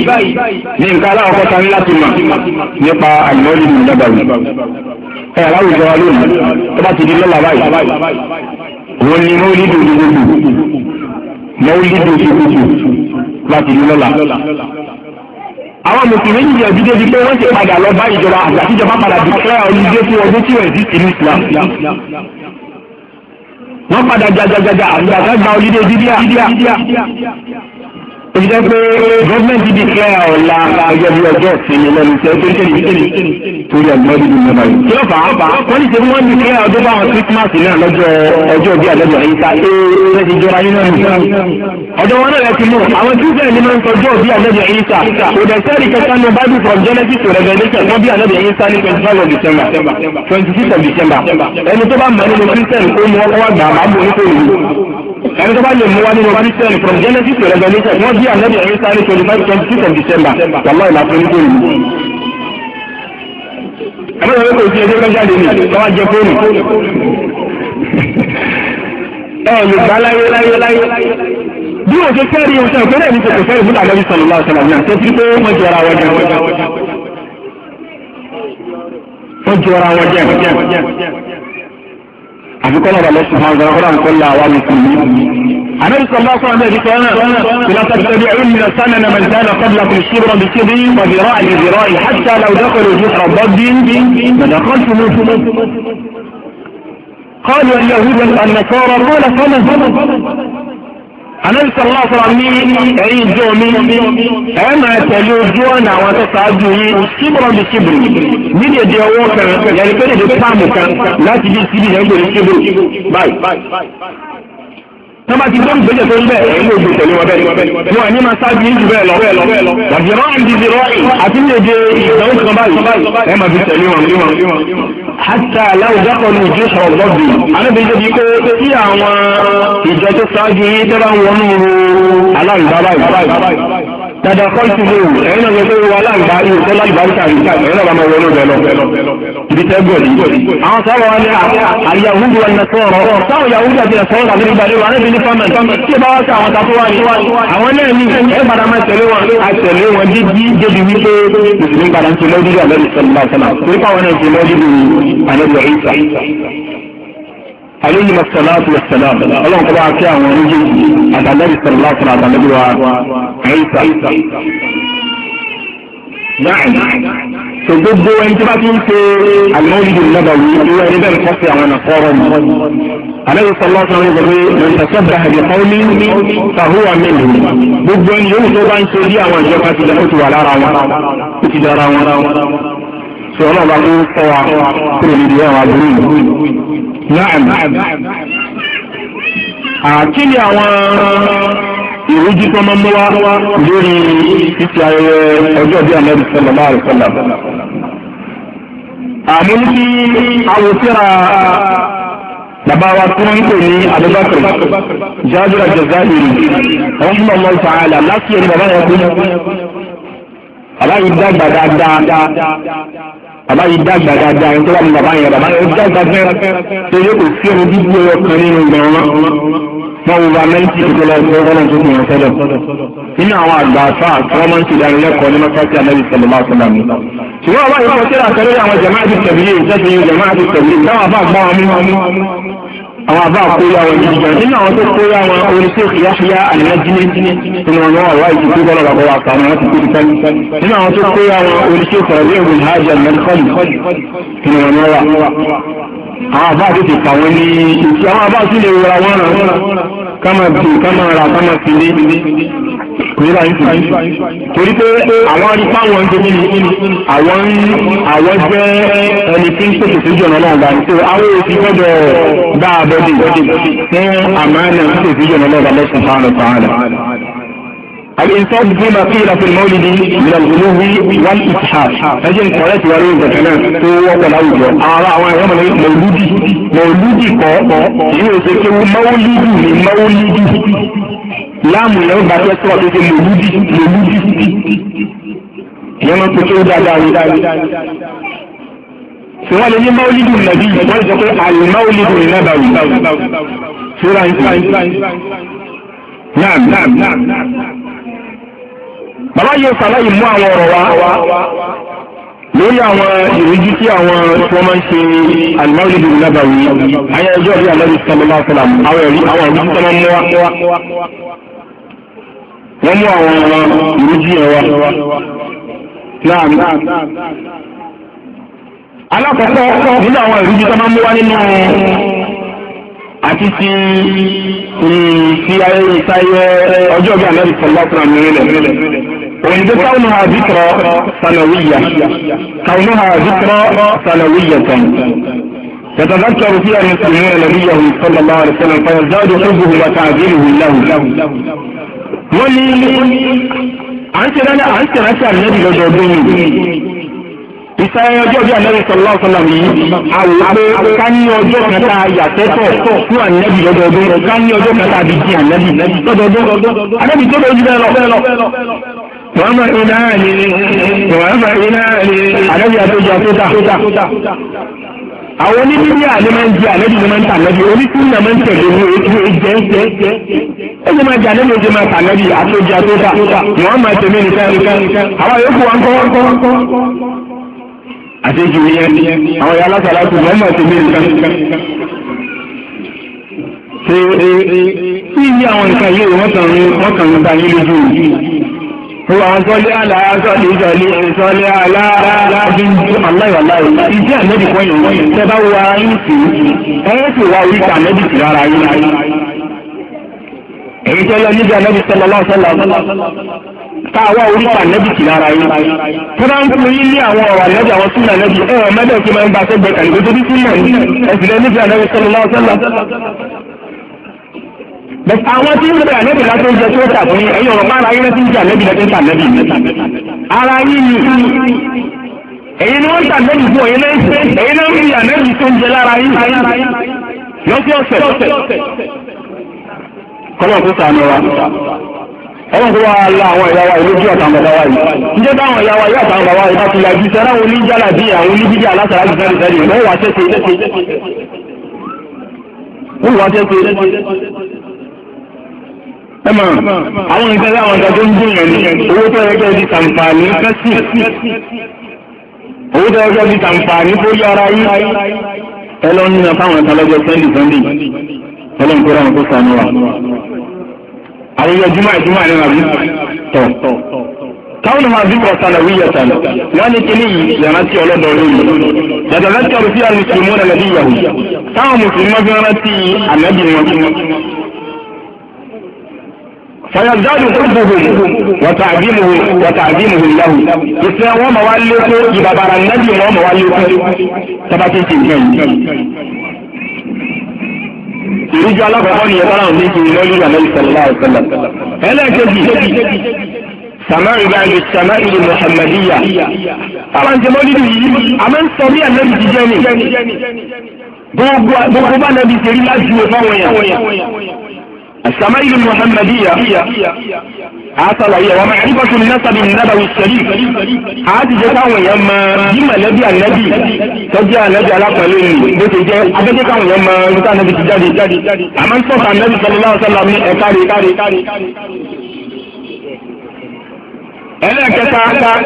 báyìí ní nǹkan aláwọ̀kọ́ ta ní láti mọ̀ nípa àlùmọ́lì ìdàgbàwì. ẹ̀ aláwùjọ wa lónìí tó bá ti di lọ́la báyìí òun ni mo ní mọ́wúlídìí oṣooṣù láti ní lọ́la. àwọn mùsùlùmí yìí yẹn dídé di pé wọ́n ti padà lọ bá ìjọba àgbà tíjọba padà dìkẹ́ olùdé fún ọdún tí wọ́n ti ti ní Islam. wọ́n padà jajajaja àgbàgbà olùdé dídíà ìjọ pé gọ́ọ̀mẹ̀ntì di fẹ́ ọ̀la ọjọ́ bí ọjọ́ ìsinmi lẹ́nu tẹ́ tó kéde torí ọ̀gbọ́n bíbí mẹ́ta yìí. kí ló fà á wọ́n ní ṣe wọ́n di fẹ́ ọdún báwọn kírísímàsì náà lọ́jọ́ ọjọ́ bí àlejò yìí ta ee ti jọra yín náà nù. ọ̀dọ̀ wọn náà ti mú àwọn kírísítẹ̀n ní máa ń sọjọ́ bí àlejò yìí kò dẹ̀ sẹ́ẹ̀rì kẹta ní bábí from Genesis to Revelation wọ́n bí àlejò yìí ta ní twenty five of December twenty six of December ẹni tó bá mọ̀ nínú kírísítẹ̀n kó mú ọkọ̀ wá gbà má bò ẹni tó bá lè mú wa nínú christian from genesis to revolution wọ́n bí anabi ẹ̀yìn sáré twenty five twenty six of december wàlláhi làbúrò nítorí mi. ẹ̀rọ ìwé kò sí ẹjẹ́ lọ́jáde ni wọ́n á jẹ fóònù. ẹ ẹ lè gbá láyé láyé láyé bí o ṣe fẹ́ rí o ṣe ìpínlẹ̀ mi kò kò fẹ́ ìlú àgbẹ̀bí sọ̀rọ̀ lọ́wọ́ sọ̀rọ̀ ní àti pé wọ́n jọra wọn jẹ wọ́n jọra wọn jẹ àfikọ́lọ̀ balẹ̀ sùnmọ́ ọ̀gá ọ̀gá ọ̀gá àwọn mùsùlùmí. Ànábì sọ̀lá sọ̀rọ̀ bẹ́ẹ̀ fi kẹ́hìn ìlà tàbí ìlú ní sánà ní mẹ́tẹ́lá kọ́bla kò sí rọ̀ bìí bí wàbírọ̀ àti ìbírọ̀ yìí hàtà làwùdókòlò ojú ọ̀bọ̀ bíi mẹ́tẹ́kọ́n tó lóṣù. قالوا اليهود والنصارى قال فمن anabi sọlá sọlá ní ẹ̀yin ìjọ mi ẹ máa tẹ̀lé ojú ọ̀nà àwọn tó ṣáájú yín síbùrọ̀ bí síbùrù ní dèdè ọwọ́ kan yẹn pé dèdè páàmù kan láti bí síbì yẹn gbèrè síbùrù báyìí tọ́ba ti tó ń gbèsè tó ń bẹ̀ ẹ̀yin yóò gbé tẹ̀lé wọn bẹ́ẹ̀ wọn ẹ̀yin máa ṣáájú yín jù bẹ́ẹ̀ lọ wàbí rán àǹdí di rán àti ní èdè ìdánwò kan báyìí ẹ̀ máa fi tẹ̀lé wọn. hàtà aláwùjọ kan ní ìjọ sọ̀rọ̀ lọ́bì àlejò débi pé tí àwọn ìjọ tó ṣáájú yín tẹ́ bá ń wọnú aláwùjọ báyìí dada kọ́ńtù ló wù ẹ̀yin náà gbogbo wa aláǹgbárí òkú aláǹgbáríkà yìí ká ẹ̀yin náà bá máa wọ inú bẹ̀ lọ ibi tẹ́ bọ̀ ní. àwọn sábà wà ní àyàwó wa ní sọ̀rọ̀ sáwọn yàwó dàbí ẹ̀ sọ̀rọ̀ àti ìgbàlẹ̀ wa níbi ní fámẹ̀ tí bá wá sí àwọn tàbí wa ní. àwọn náà ní ẹ padà máa tẹ̀lé wọn a tẹ̀lé wọn débi débi wípé mùsùlùmí padà ń ti lọ́dún aleyhi masalaatu wasalaam ọlọ́run kọ́ bá a kí àwọn méjèèjì àtàlẹ́bí sọ̀rọ̀lá fún àtàlẹ́bí wa àyíṣà. tó gbogbo ẹni tí bá ti ń pe alimọ́lìdì lọ́dọ̀wé ìwé ẹni bẹ́ẹ̀ kọ́ sí àwọn nàkọ́rọ̀ mi. aleyhi sọ̀rọ̀lá fún àwọn ìgbàgbé ìrìnsẹ̀sẹ̀ bẹ̀rẹ̀ àbí kọ́ọ́lì sàhúwà mẹ́lẹ̀. gbogbo ẹni yòówù tó bá ń ṣe bí àwọn ìjọba ti dẹ̀ ó ti wà lára wọn ó ti dára wọn. sọ̀rọ̀ bá tó kọ́ wa kúrò níbi ẹ̀wọ̀n àbúrò yìí náà àkíni àwọn ìrújú tó máa ń mú wá lórí títí ayẹyẹ ọjọ́ bí Ànábì sallallahu alaihi wasallam. àmú ní kí awòsíra bàbá wa tí wọ́n ń pè ní Abubakar Jabir al-Jazairi wọ́n ọmọ ìfà àlà láti ẹni bàbá yẹn kú. bàbá dàgbà dáadáa bàbá yìí dàgbà dáadáa ẹni tó wà ní bàbá yẹn bàbá yẹn dàgbà fẹ́rẹ́ tẹ́lẹ̀ kò sí ẹni dídí ẹyọ kan nínú ìgbà wọn wọn wò wá mẹ́ńtì tó lọ sí ọgọ́rùn tó kùn ọ̀sẹ̀ lọ. nínú àwọn àgbà àfa tí wọ́n máa ń tìlẹ̀ ẹ̀rẹ́kọ̀ọ́ ní mọ́sáàtì àlẹ́bí sọ̀rọ̀ máa sọ̀rọ̀ mi. ṣùgbọ́n bàbá yìí kọ́ sí àkọlé àwọn jamaat tẹ̀lé ìṣẹ́ṣe yìí jamaat tẹ̀lé ìṣẹ́ṣe yìí àwọn àbá àkóyá wọn yìí nínú àwọn tó kóyá wọn oníṣẹ́ ìyáṣíyá àníyájílé tó ní wọn lọ́wọ́ àwọn ìdí tó kọ́lọ́ bàbá wa kà wọn láti kó nínú àwọn tó kóyá wọn oníṣẹ́ ìfọ̀rọ̀lẹ́ ìwé hajj mẹ́tọ́lì tó ní wọn àwọn àbá àtètè kà wọn ní ìṣẹ́ àwọn àbá sì lè wọra wọn rà kama bì kama rà kama fìlé kòyí báyìí sùn torí pé àwọn ipá wọn jẹ bí àwọn àwọn jẹ ẹni tí ń pèsè sí jọ̀nà náà gbà nítorí àwọn òsì gbọ́dọ̀ bá a bọ́dì fún àmọ́ ẹ̀nà ń pèsè sí jọ̀nà náà gbà lọ́sùn fáwọn ọ̀sán àlọ́. الإنسان بما قيل في المولد من الغلو والإسحاف هذه القرآن والوين بكنا هو والأوجه أرى وهم مولودي مولودي قو يوزك مولدي مولدي láàmù yẹn ó bá fẹ́ sọ̀rọ̀ lóde lòlúdì lòlúdì ìyẹn máa ń pèsè ó dáadáa wò. tí wọ́n lè ní máwùlídù nàbí wọ́n sọ pé àlè máwùlídù nàbàwì fúra ń sàn. naam naam bàbá yóò sàlàyé mú àwọn ọ̀rọ̀ wa lórí àwọn ìrújú tí àwọn tí wọ́n máa ń ṣe alimawulidu nàbàwì ayé ẹjọ́ bí alẹ́ bí sàlọ́lá sàlám àwọn ẹ̀rí àwọn ẹ̀rí tí wọ́n máa ń mú wa. wọ́n mú àwọn ìrújú yẹn wá náà alákọ̀ọ́kọ́ nínú àwọn ìrújú tó máa mú wá nínú àti ti ti ayẹyẹ ìtayẹ ọjọ́ bí àná ìfọ̀lọ́sọ̀rọ̀ nílẹ̀ òun tó káwọn náà zikra káwọn náà tán. يتذكر فيها المسلمون نبيه صلى الله عليه وسلم فيزداد حبه وتعظيمه له ولي àǹtí rẹ àǹtí rẹ sí ànábì lọ́dọọdún yìí ìsáyẹ ọjọ́ bí ànábì sọlá ọ̀sọ́lá yìí àwòrán ká ní ọjọ́ kẹta yàtẹ́tọ̀ fún ànábì lọ́dọọdún ká ní ọjọ́ kẹta àbíjì ànábì lọ́dọọdún ànábì tó lójú bẹ́ẹ̀ lọ. wọ́n mọ iná ni wọ́n mọ iná ni ànábì àtọ́jú àtọ́ta àwọn onídìrí àlẹ́ máa ń jẹ àlẹ́ jùlọ máa ń tà lẹ́bi onísùnà máa ń tẹ̀lé ní ojú ẹ̀jẹ̀ ẹ̀jẹ̀ ẹ̀jẹ̀ máa jẹ àlẹ́ mi ojú máa tà lẹ́bi àtòjì àtòta wọ́n máa tẹ̀lé nìkan nìkan àwọn yòókù wa ń kọ́ àtẹ̀jù yẹn àwọn yàrá sàlátù wọ́n máa tẹ̀lé nìkan ṣe ṣe ṣe iye àwọn nǹkan yìí wọ́n kàn ń bá yín lójú yìí. Wàhánzọ́lé àlá sọ́lé sọ́lé sọ́lé yìí tẹ́ bá wá yín sí ẹ̀yẹ́ sì wá oríta ànẹ́bì sí rárá yín láyé. Èyí tẹ́ lọ níbi Tó fún ní àwọn tí ń bẹ àlẹ́bí láti ń jẹ tó tàbí ẹ̀yìn ọ̀rọ̀ máa ra ayé láti ń jẹ ara yín ni èyí ni wọ́n tàlẹ́bí fún èyí lẹ́sẹ̀ èyí ló ń fi àlẹ́bí tó ń jẹ lára yín lọ́sẹ̀ ọ̀sẹ̀ kọ́lọ̀ tó sànù wa ọlọ́run tó wá la àwọn ìyá ìlú ojú àtàwọn bá ti oníjàlá àwọn alásàrá ẹ mọ̀ àwọn nǹkan láwọn nǹkan tó ń gbìyàn ní owó tó yẹ kẹ́ di tàǹfààní kẹ́sì owó tó yẹ kẹ́ di tàǹfààní tó yára yí ẹ lọ nínú fáwọn ẹ̀ka lọ́jọ́ sẹ́ndì sẹ́ndì ẹ lọ́n kó ráwọn tó sànú wa. àwọn ìyá jùmọ̀ ìjùmọ̀ ni wàá bí tọ̀ káwọn ọmọ àbí kọ̀ sálẹ̀ wíyà sálẹ̀ wọ́n ní kíní yìí yàrá tí ọlọ́dọọdún yìí yàtọ̀ lẹ́tọ̀ọ́ sí àlùsùlùmọ́ nàlẹ́bí yahoo táwọn mùsùlùmọ́ fi rántí ànábì wọn fayazadu hubbuhum wa ta'zimuhu wa ta'zimuhu lahu ìfẹ́ wọn ma wá lékún ìbàbàrà nábì wọn ma wá lékún tabati ti nǹkan yìí. ìrújú alákọ̀ọ́kọ́ ni ìyẹ́fọ́lá òní ti rí lọ́lú àlẹ́ ìsọ̀lá ìsọ̀lá. ẹlẹ́ẹ̀kejì sàmáì bá mi sàmáì lè muhammadiyya. àwọn jẹmọ́ nínú yìí a ń sọ bí ànábì ti jẹ́ ni. gbogbo bá ànábì ti rí láti wọ fáwọn yẹn. السمائل المحمدية عسل هي ومعرفة النسب النبوي الشريف عاد جاءوا يما جمع لبي النبي تجي النبي على قليل بيتي جاء عاد جاءوا يما متى النبي تجاري أما صوت النبي صلى الله عليه وسلم كاري كاري ẹlẹ́ẹ̀kẹta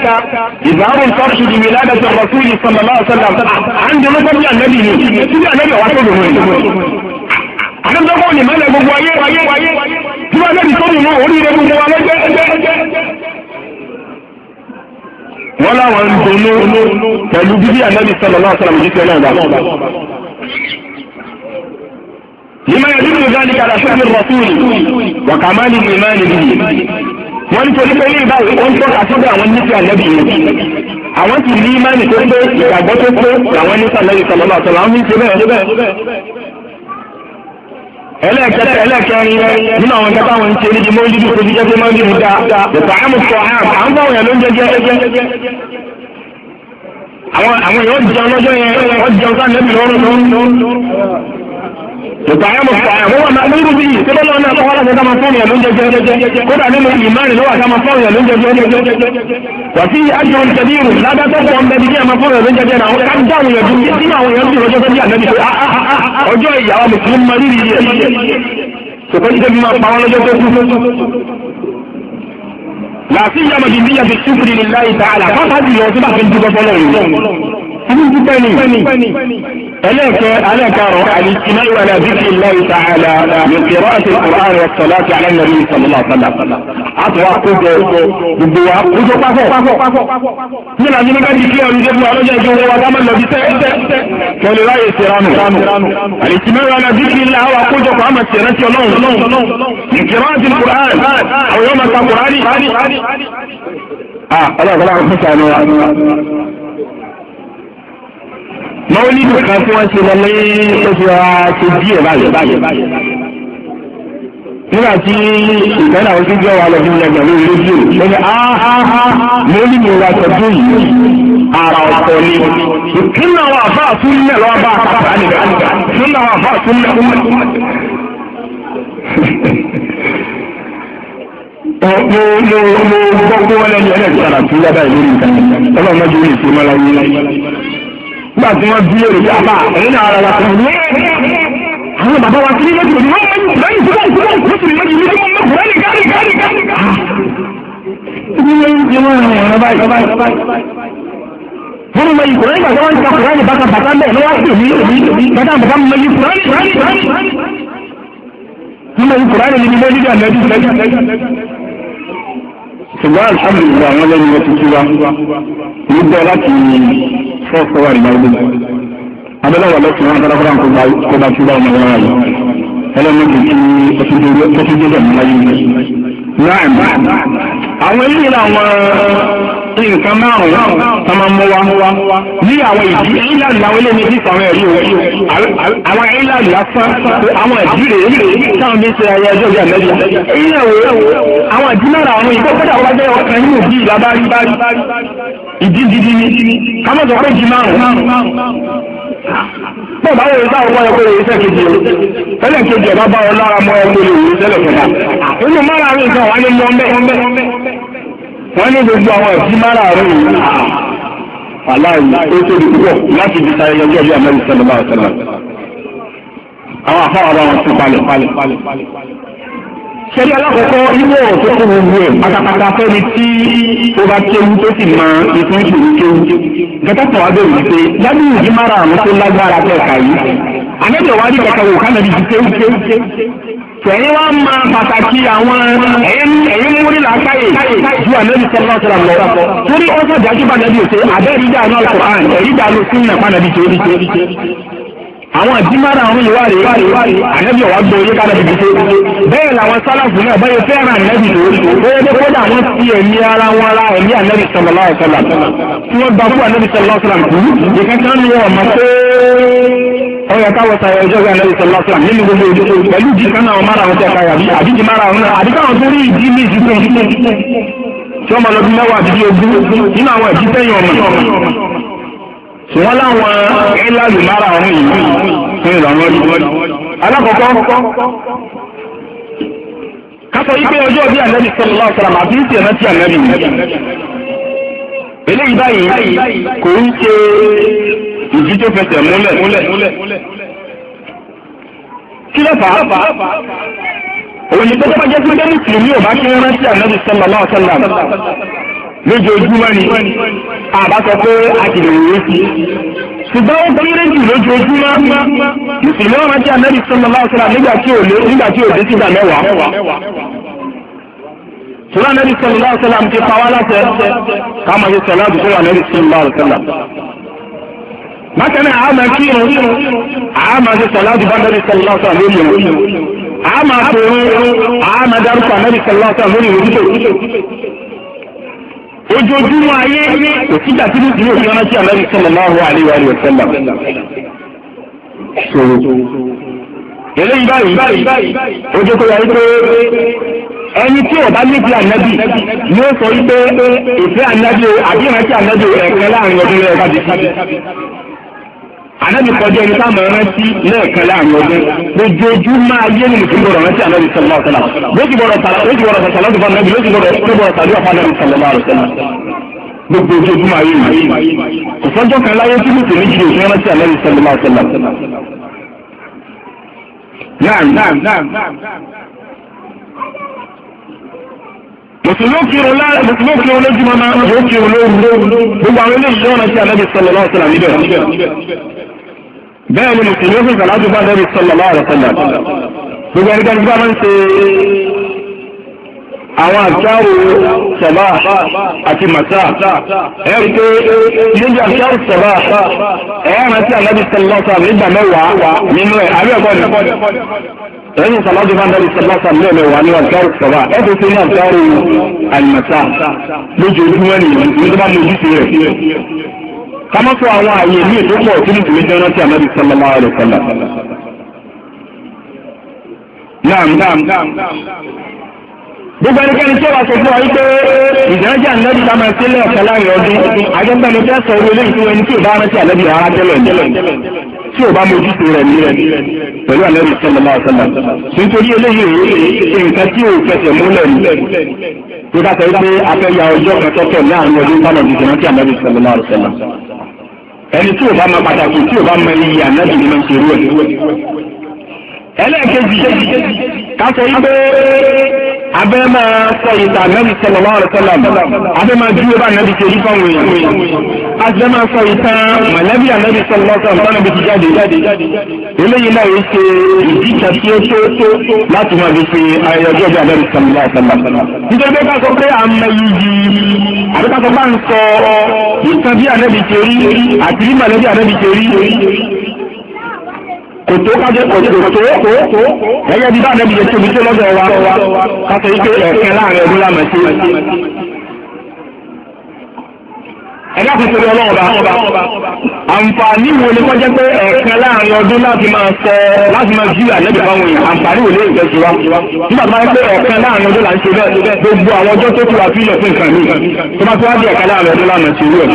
ìzáàrùn إذا di wíládàtì rasúlì sọ̀lọ́lá الرسول صلى الله عليه وسلم ni tọ́jú النبي، ọ̀wá النبي lòun ẹ̀ àdébùdókòwò ní mẹ́lẹ̀ gbogbo ayé wáyé wáyé tí wọ́n lẹ́bi tó nínú oríire gbogbo wa lọ́jẹ́ wọ́n láwọn ń dunnú pẹ̀lú bíbí ànábì sọ̀rọ̀ náà sọ̀rọ̀ méjì sọ̀rọ̀ náà bá. lima yẹ dúró gáàlì kàdà sọ́ọ̀nù rọ̀túùlì wàkàmáàlì ìmáàlì bìyì. wọ́n nítorí pé ní ìbáwí ó ń tọ́ka síbi àwọn nífẹ̀ẹ́ ànábì yìí. àwọn ti ní ìmáàlì tó pé ìgbàgbọ́ tó pé làwọn nífẹ̀ẹ́ ànábì sọ̀rọ̀ náà àwọn ní ẹlẹ́ẹ̀kẹta ẹlẹ́ẹ̀kẹrin nínú àwọn nǹkan táwọn ń ṣe níbi mọ́ndínlù kò jíjẹ́ pé mọ́ndínlù da ìpa àmú kọ àm à ń bá àwọn ló ń jẹjẹ. àwọn èèyàn jẹun lọ́jọ́ yẹn wọ́n jẹun sáà nẹ́bí lọ́rùn lọ́rùn. ìpààyàn mùsùlùmí àwọn ọmọ lórí bí yìí tí bọ́lá náà lọ́wọ́ láti dáma fún ìyàn lóúnjẹ jẹjẹjẹ kódà nínú ìmánì lọ́wọ́ àti àmà fún ìyàn lóúnjẹ jẹjẹjẹ wà sí àjọyọ̀ ìṣẹ̀bí ìrù lábẹ́tọ̀ fún ọmọ ẹbí kí àmà fún ìyàn lóúnjẹ jẹjẹrẹ àwọn ká dáhùn yẹn dùn sí àwọn èèyàn sì lọ́jọ́ sẹ́bí àlẹ́ nípa ọjọ́ ìyàwó mùsùlùmí máa rírì yẹ ṣùgbọ́n ìṣẹ́bí máa pa wọn lọ́jọ́ tó kú làásìyàmọ̀ bíbí yàtọ̀ ṣùkúrì níláyìí tààlà fọ́nfà jùlọ tí bá fi ń dúpọ̀ fọlọ́run ibi títẹ́ ni ẹlẹ́ẹ̀kẹ́ alẹ́kàrọ̀ àlìsínà ìwàlẹ̀ àdìsí ìlọ́wì tààlà yòókèrò àti ìkùrán rẹ̀ sọ̀lá ti alẹ́nàbí sọ̀lá sọ̀lá. a tún wá kójọ gbogbo wa kójọ pápọ̀. ní ìlànà nígbà tí kí ọ̀rọ̀ ìdẹ́gbẹ́ ọlọ́jà ìjọ wọn wá dámọ̀ lọ́bí tẹ́ kẹlẹ́ láyé seranu. àlìsínà ìwàlẹ̀ àdìsí ìlà wa kójọ kọ́ àmà mọ́wúlídù kan tí wọ́n ti lọ ní oṣù àti díẹ̀ báyìí. nígbà tí ìfẹ́lẹ̀ àwọn tó jẹ́ wà lọ fún ẹgbẹ̀rún lórí rédíò ó ní áháhá ah, ah, ah, mọ́wúlídù wa tọ́jú yìí ara ọ̀pọ̀ ni. ìtúnà wà fà súnlẹ̀ lọ́wọ́ bá àpapọ̀ àdìgbà ìtúnà wà fà súnlẹ̀ mo mo mo gbọ́ pé wọ́n lẹ́nu ẹlẹ́gbẹ̀rún àti yàrá ìlú nìkan ọlọ́run mọ́jú ní ìsinmi ọlọ́run yìí nígbà tí wọ́n bí èrè yàrá ẹ̀yìn náà ara kan àwọn bàbá wa kiri lójú òní wọ́n mú kúrẹ́yìn kúrẹ́yìn kúrẹ́yìn kúrẹ́yìn lójú ní wọ́n mú kúrẹ́yìn kárí kárí kárí. ní wọ́n rìn ọ̀rọ̀ báyìí wọ́n mú mẹ́yìn kúrẹ́yìn bàtà wọ́n ń ta kúrẹ́yìn bàtà bàtà mẹ́ẹ̀ lọ́wọ́ sí òní bàtà bàtà mẹ́yìn kúrẹ́yìn kúrẹ́yìn kúrẹ́yìn ní mẹ́yìn kúrẹ́yìn ṣùgbọ́n alhamdulilayi àwọn ọlọ́run ọtí wa nígbà láti fún ọ̀pọ̀ àríyá ilé abẹ́lẹ́wọ̀ lọ́sùn wọn tọ́lá fúnra kó bá túbọ̀ ọmọ yàrá yìí ẹlẹ́nu kì í tó tún dé bẹ̀rẹ̀ láyé yìí. láàmì àwọn eléyìí làwọn nǹkan márùn-ún tó máa ń mú wa ní àwọn ìdí ìlànà làwọn eléyìí ti sàwọn ẹ̀rí o àwọn ìlànà lásán àwọn ẹ̀dí rèé táwọn bí ń ṣe ayé ẹjọ́ bí àmẹ́jà ìyẹ̀wò àwọn ìdí náà àwọn ìgbọ́kọ̀dà wájú ọkàn yóò bí ìlà bá rí bá rí. ìdíjìdí ni kámọ́ sọ pé jì márùn-ún. bọ́ọ̀ bá wọlé táwọn wọ́n ẹgbẹ́ rẹ̀ iṣẹ́ kejì o tẹ́lẹ̀ kejì ẹ̀ bá bá lára mọ́ ẹgbẹ́ rẹ̀ òun tẹ́lẹ̀ kẹta. inú mara rẹ̀ nǹkan wà ní mọ́ ń bẹ́ wọ́n ní gbogbo àwọn ẹ̀sìn mara rẹ̀ yìí. aláì ó tóbi púpọ̀ láti fi ta ẹyẹ ọjọ́ ìyá mẹ́rin bá ọ̀sẹ̀ lọ. àwọn àfọwọ́ wọn palẹ̀ palẹ̀ palẹ̀ palẹ̀. ṣẹ́rí alákọ̀ọ́kọ́ inú ọ̀rọ̀ tó kún gbogbo ẹ̀ pátápátá fẹ́ni tí ó bá kéwu tó sì mọ ìpín ìpín kéwu. gẹ́gẹ́ kan wá bẹ̀rù wípé lábí ìdí mara àwọn tó lágbára kẹ̀ka yìí. àlejò wa rí kẹ̀kẹ́ wò kánàbí ju kéwu kéwu kéwu. tẹ̀yìn wá máa pàtàkì àwọn ẹ̀yìn múrí làákàyè ju àlejò sọ́lá sọ́lá lọ. torí ọjọ́ ìdájú bá nàbí òṣè àbẹ́rìdà náà kọ̀ àwọn àdìmára àwọn ìwà rèé ànábì ọ̀wá gbọ́ oyé ká nàbì gbèsè bẹ́ẹ̀ làwọn sálàfù náà báyọ̀ fẹ́ràn ànábì tó bóyá dé kódà wọ́n fi ẹ̀mí ara wọn ra ẹ̀mí ànábì sallallahu alaihi wasallam tí wọ́n gba fún ànábì sallallahu alaihi wasallam kú ìkan kan ní ọmọ pé ọyọ káwọ sàyẹ ọjọ́ bí ànábì sallallahu alaihi wasallam nínú gbogbo ojú pẹ̀lú ìdí kan náà mára àwọn tẹ̀ka yàbí àdíjì mára àwọn náà àdíkà àwọn tó rí ìdí ní ìdí tó ń tí wọ́n máa lọ bí mẹ́wàá àdíjì ogún nínú àwọn ìdí tẹ́yìn ọmọ wọ́n láwọn ìlàlù lára àwọn ìlú fún ìlànà ọdún. alákọ̀ọ́kọ́ kásọ̀ yí pé ọjọ́ bí ànábì sọ̀rọ̀ láwọn sọ̀rọ̀ àbí tí ẹ̀rọ tí ànábì yìí. eléyìí báyìí kò ń ṣe ìdí tó fẹsẹ̀ múlẹ̀. kí ló fà á? òun ni pé tó bá jẹ́ sí pé mùsùlùmí ò bá kí ń rántí ànábì sọ̀rọ̀ láwọn sọ̀rọ̀ lójoojúmọ́ ni àbá sọ pé a ti lè wéé sí ṣùgbọ́n ó kéré jù lójoojúmọ́ ìsìnlẹ̀ ọ̀rọ̀ tí anábì sọ́nà bá sọ́ra nígbà tí ò lé nígbà tí ò dé sígbà mẹ́wàá. sọ́nà anábì sọ́nà bá sọ́ra ti pa wá láṣẹ ká máa ṣe sọ́nà àdúgbò anábì sọ́nà bá sọ́ra. bákan náà a máa kírun a máa ṣe sọ́nà àdúgbò anábì sọ́nà bá sọ́ra lórí òun a máa tòun a máa dárúkọ anábì sọ́nà bá sọ́ra lórí òun ojoojúmọ́ ayé kò sígbà tí mùsùlùmí ò fi ọ̀nà sí àlẹ́ sallallahu alaihi wa sallam. eléyìí báyìí ojú kò yàrá pé ẹni tí ò bá nífẹ̀ẹ́ ànábì ni ó sọ wípé ìfẹ́ ànábì àbí ìrántí ànábì ẹ̀kẹ́ láàrin ọdún lẹ́ẹ̀ká anabi kọjá ẹni tá a máa rántí lẹ́ẹ̀kan láàrin ọdún lójoojúmọ́ ayé ni mùsùlùmí gbọdọ̀ rántí anabi sọlá ọ̀sẹ̀lá lójú gbọdọ̀ sọ̀sọ̀lá ọ̀sẹ̀ fún anabi lójú gbọdọ̀ sàlúwà fún anabi sọlá ọ̀sẹ̀lá gbogbo ojoojúmọ́ ayé yìí ọ̀sọ́jọ́ kan láyé tí mùsùlùmí jìnnà òfin rántí anabi sọlá ọ̀sẹ̀lá. mùsùlùmí kírun lójúmọ́ máa ń kírun lóru gbogbo àwọn eléyìí lọ́nà tí anabi sọlá ọ̀sẹ̀lá níbẹ̀ bẹ́ẹ̀ ni mùsùlùmí fún sàlájú bá lẹ́rìí sallallahu alaihi wasallam gbogbo ẹni gbàgbé bá máa ń ṣe àwọn àṣàrò sọ̀bà àti màtà ẹ rí pé níbi àṣàrò sọ̀bà ẹ rántí ànábi sallallahu alaihi wasallam nígbà mẹ́wàá nínú ẹ̀ àbí ẹ̀kọ́ ni ẹ̀yin sàlájú bá lẹ́rìí sallallahu alaihi wasallam lẹ́ẹ̀mẹ́wàá ní àṣàrò sọ̀bà ẹ tó kámá sọ àwọn àyè ní ìdókòwò tí nìtìmí dáná tí ànábì sallallahu alaihi wasallam. naam naam gbogbo ẹnikẹ́ni tí ó wà sọ fún wa yí pé ìdájọ́ ànábì bá máa sílẹ̀ ọ̀kẹ́ láàrin ọdún agbẹ́gbẹ́ni tí a sọ orí eléyìí fún ẹni tí ò bá rántí ànábì rárá tẹ́lẹ̀ tí ò bá mójútó rẹ̀ ní rẹ̀ pẹ̀lú ànábì sallallahu alaihi wasallam nítorí eléyìí nǹkan tí ò fẹsẹ̀ múlẹ̀ ní tó bá sọ pé afẹ́ ya ọjọ́ kan tọ́tọ̀ láàrin ọdún bá lọ́dún tí ànábì sallallahu alaihi wasallam ẹni tí o bá ma pàtàkì tí o bá ma iyì ànábì ni ma ń ṣerú ẹ̀. ẹlẹ́ẹ̀kejì kásọ yí pé abẹ́ máa sọ ìta ànábì sallallahu alaihi wasallam abẹ́ máa dúró bá ànábì ṣe rí fáwọn èèyàn. abẹ́ máa sọ ìta mọ̀lẹ́bí ànábì sallallahu alaihi wasallam ànábì ti jáde. eléyìí náà yóò ṣe ìdí kan tí ó tó láti máa fi ṣe ayẹyẹ ọjọ́ ìjọba ànábì sallallahu alaihi wasallam. nítorí pé ká sọ pé àmọ́ yìí àbíkàtọ̀ bá ń sọ nǹkan bí ànábì ti rí àti bí màlẹ́bí ànábì ti rí kòtò kájọ kòtò kòtò ẹ̀yẹ́ bí bá ànábì yẹn tóbi tó lọ́dọ̀ wa kátó ike ẹ̀kẹ́ láàrin ọdún lámẹ̀sí. ẹ̀dá kan àǹfààní wo ni wọ́n jẹ́ pé ẹ̀ẹ̀kan láàrin ọdún láti máa sọ láti máa jí àǹfààní wo jẹ́ nígbà tó bá yẹ pé ẹ̀ẹ̀kan láàrin ọdún ṣe bẹ́ẹ̀ gbogbo àwọn ọjọ́ tó kù wá fílẹ̀ fún nǹkan tó bá tó wá di ẹ̀ẹ̀kan láàrin ọdún lánàá ṣe rú ẹ̀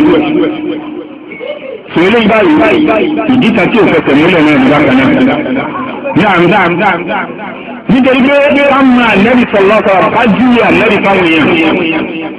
sọ eléyìí báyìí ìdí kan tí múlẹ̀ náà nígbà kan náà nítorí pé ká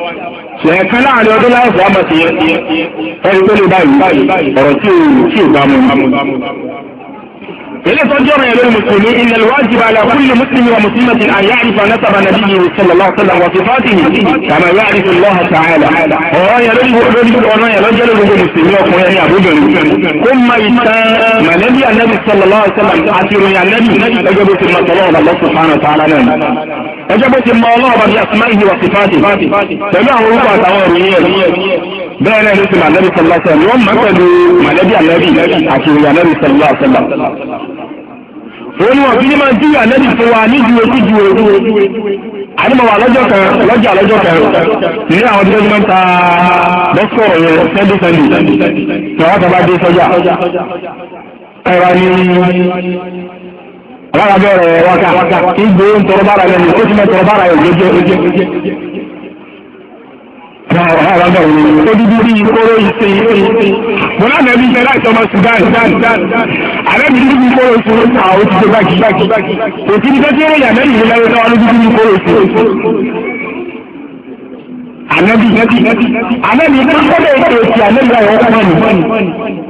lẹ́ẹ̀kan láàrin ọdún láì fọ́ ẹni tó lè báyìí ọ̀rọ̀ tí ò tí ò bá mu. إليه تجرى يا المسلمين إن الواجب على كل مسلم ومسلمة أن يعرف نسب نبيه صلى الله عليه وسلم وصفاته كما يعرف الله تعالى ورايا لله رجل ورايا رجل المسلمين وقرايا رجل ثم إتان ملبي النبي صلى الله عليه وسلم أتير يا النبي أجب ثم صلى الله سبحانه وتعالى ọjọ́ bó ti mọ ọlọ́run bá bí asma'ihi wa sifati pẹ̀lú àwọn orúkọ àtàwọn ìròyìn ẹ̀ bẹ́ẹ̀ náà ló ti màlẹ́bí sọlá sọ ni wọ́n mọ̀ pẹ̀lú màlẹ́bí àlẹ́bí àti ìròyìn àlẹ́bí sọlá sọlá. òun ni wọn fi ní máa jí àlẹ́bí fún wa ní ju ojú ju ojú àdìmọ̀ wà lọ́jọ́ kan lọ́jà lọ́jọ́ kan ní àwọn tí wọ́n ta lọ́sọ̀ ọ̀yọ́ sẹ́ndí sẹ́ndí tí wọ́n tọ́ bá dé sọ́jà ni rárá bẹ̀rẹ̀ wákà ìgbé ń tọrọ bára rẹ̀ ní ó ti mẹ́ tọrọ bára rẹ̀ jẹjẹ. rárá bẹ̀rẹ̀ ní odidi bí kóró ìsè ìsè. mo náà nẹ́bí iṣẹ́ láti ọmọ Sudan ààrẹ mi dídí bí kóró ìsè àwọn ti ṣe báàgì. òkè ní tẹ́tí ẹ̀rọ yàrá ìlú láyé náà ló dídí bí kóró ìsè. ànábì ànábì náà kọ́lé ètò ìsè ànábì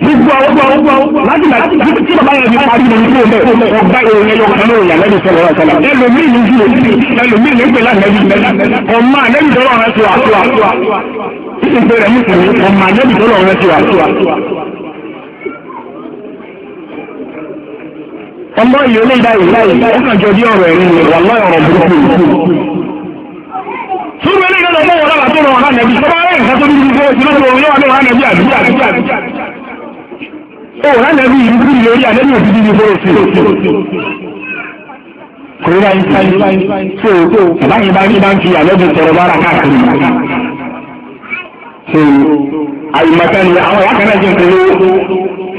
gbogbo àwọn gbogbo láti là tí bàbá yẹn fi parí lórí fún un bẹ́ẹ̀ ọgbà ìròyìn ẹyọ kan lórí àlẹ́ ìṣẹ̀lẹ̀ ọ̀rọ̀ ìṣẹ̀lẹ̀ ẹlòmíì ní ju òbí ẹlòmíì ní pẹ̀lú àlẹ́ ìṣẹ̀lẹ̀ ọmọ àlẹ́ ìṣẹ̀lẹ̀ ọ̀rọ̀ ẹ̀ṣọ́ àtúwà ìṣègbè rẹ̀ mùsùlùmí ọmọ àlẹ́ ìṣẹ̀lẹ̀ ọ̀rọ̀ ẹ̀ṣọ́ àtúwà. ọmọ ìlú ní ìdáyìí ó kàn jọ bí ọ̀rọ̀ ẹ̀rín ni wàlá ọ̀rọ̀ burúkú Súrú eléyìí lọ́dọ̀ ọmọ wọn lábàá tó rọrùn lánàá bí. Bàbá rẹ̀ nǹkan tó dúdú dúdú lọ́dọ̀ òun yóò wá lọ́wọ́ lánàá bí àdúgbò àdúgbò àdúgbò ó rà nàbí yìí bí lórí ànábì òbí bíbí bó ṣe kò rí báyìí báyìí tó báyìí báyìí bá ń fi ànábì sọ̀rọ̀ bára káàkiri tó àyùmọ̀tán ni àwọn ìyá kan náà jẹ́ nǹkan lówó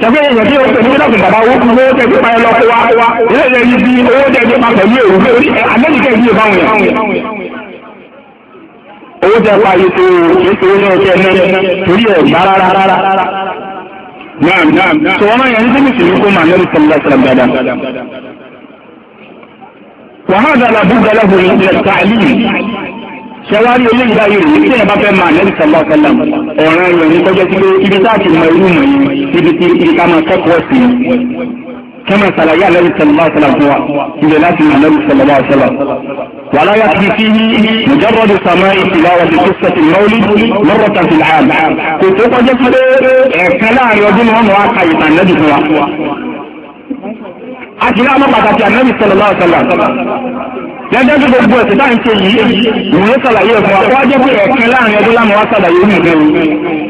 ṣẹ́fẹ́ èèyàn tẹ̀lé ní ọ̀sìn bàbá owó fún owó tẹ̀lé máa lọ kó wá ilé ìlẹ̀ yìí bí owó tẹ̀lé máa pẹ̀lú èrú pé owó tẹ̀ pa sọ̀rọ̀ yẹn ní mùsùlùmí kó máa lẹ́rù sọ̀rọ̀ sọ̀rọ̀ dáadáa. wàhálà làbú galahu ilẹ̀ tààlì sẹwárí eléyìí báyìí rèé tí ẹ bá fẹ́ máa lẹ́rù sọ̀rọ̀ sọ̀rọ̀ ọ̀ràn rẹ̀ ní kọjá sí pé ibi táàkì mọ irú mọ̀ yìí ibi tí ibi ká máa kẹ́kọ̀ọ́ sí كما سلايا النبي صلى الله عليه وسلم إذا لكن النبي صلى الله عليه وسلم ولا يكفي فيه مجرد سماع تلاوة قصة المولد مرة في العام كنت أقول كلام يظنهم واقعي عن النبي صلى الله عليه وسلم àti láàmú pàtàkì ànábì sallallahu alaihi wasallam lẹ́jọ́ tó gbogbo ẹ̀sìn táà ń ṣe yìí ìwé sàlàyé ẹ̀fọn wájú pé ẹ̀kan láàrin ọdún láàmú wá sàlàyé ní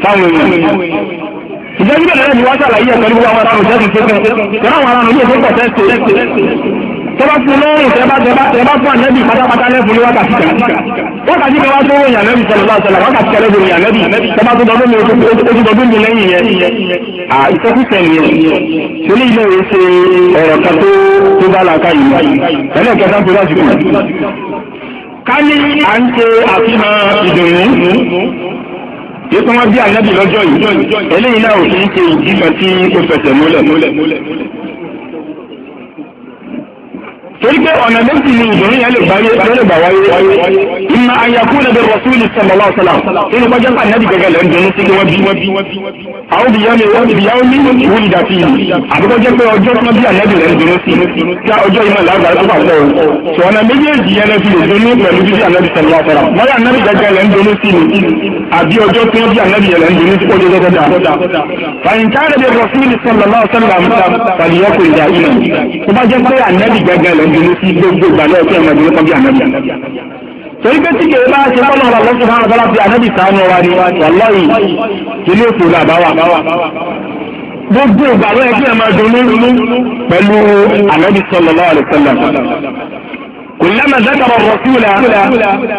fáwọn èèyàn ìjẹ́jú bẹ̀rẹ̀ náà ni wọ́n ṣàlàyé ẹ̀ pẹ̀lú àwọn ará òṣèlú kékeré pẹ̀lú àwọn ará òṣèlú tó pọ̀ tẹ́sítẹ́ tọ́ba fún lọ́rùn tẹ́bá tẹ́bá tẹ́bá fún ànẹ́bì pátápátá lẹ́fun ní wákàtí kan wákàtí kan wá tó ròyìn ànẹ́bì sọ̀rọ̀ sọ̀rọ̀ wákàtí kan lẹ́fun ròyìn ànẹ́bì tọ́ba tó dọdún mi oṣù dọdún mi lẹ́yìn yẹn à ìtọ́kùsẹ̀ nìyẹn torí ilé rẹ̀ ṣe ọ̀rọ̀ kan tó tó bá làákà ká yóò tún wá bí ànábì lọ́jọ́ yìí eléyìí náà ò sí ṣe ìdí kan tí ó fẹsẹ̀ múlẹ̀ múlẹ̀ múlẹ̀ múlẹ̀ torí pé ọ̀nà méjì ni ìdùnnú yẹn lè gbáyé lè gbà wáyé ìmọ̀ àyàkú nàbẹ rọ̀súlì sọ̀lọ́lá ọ̀sọ̀lá nínú kọjá pa nàbì gẹ́gẹ́ lẹ́ ń dunu sí kí wọ́n bí àwọn bìyànjú bìyànjú ní wúni dàtí yìí àbúkọ jẹ́ pé ọjọ́ tí wọ́n bí ànábì lẹ́ ń sí kí ọjọ́ ìmọ̀ làgbà lọ́wọ́ dunú sí gbogbo ìgbà lọ́wọ́ kí ẹ máa dunú kan bí ànábì. torí pé tí kìí bá ṣe bọ́lá ọ̀rọ̀ lọ́sùn fún àwọn ọ̀rọ̀ ànábì sàánú wa ni wàlọ́ọ̀yì kì ní òkú làbá wa. gbogbo ìgbà lọ́wọ́ kí ẹ pẹ̀lú ànábì sallallahu alaihi kùlẹ́mà zẹ́tọ̀rọ̀ rọ̀súlà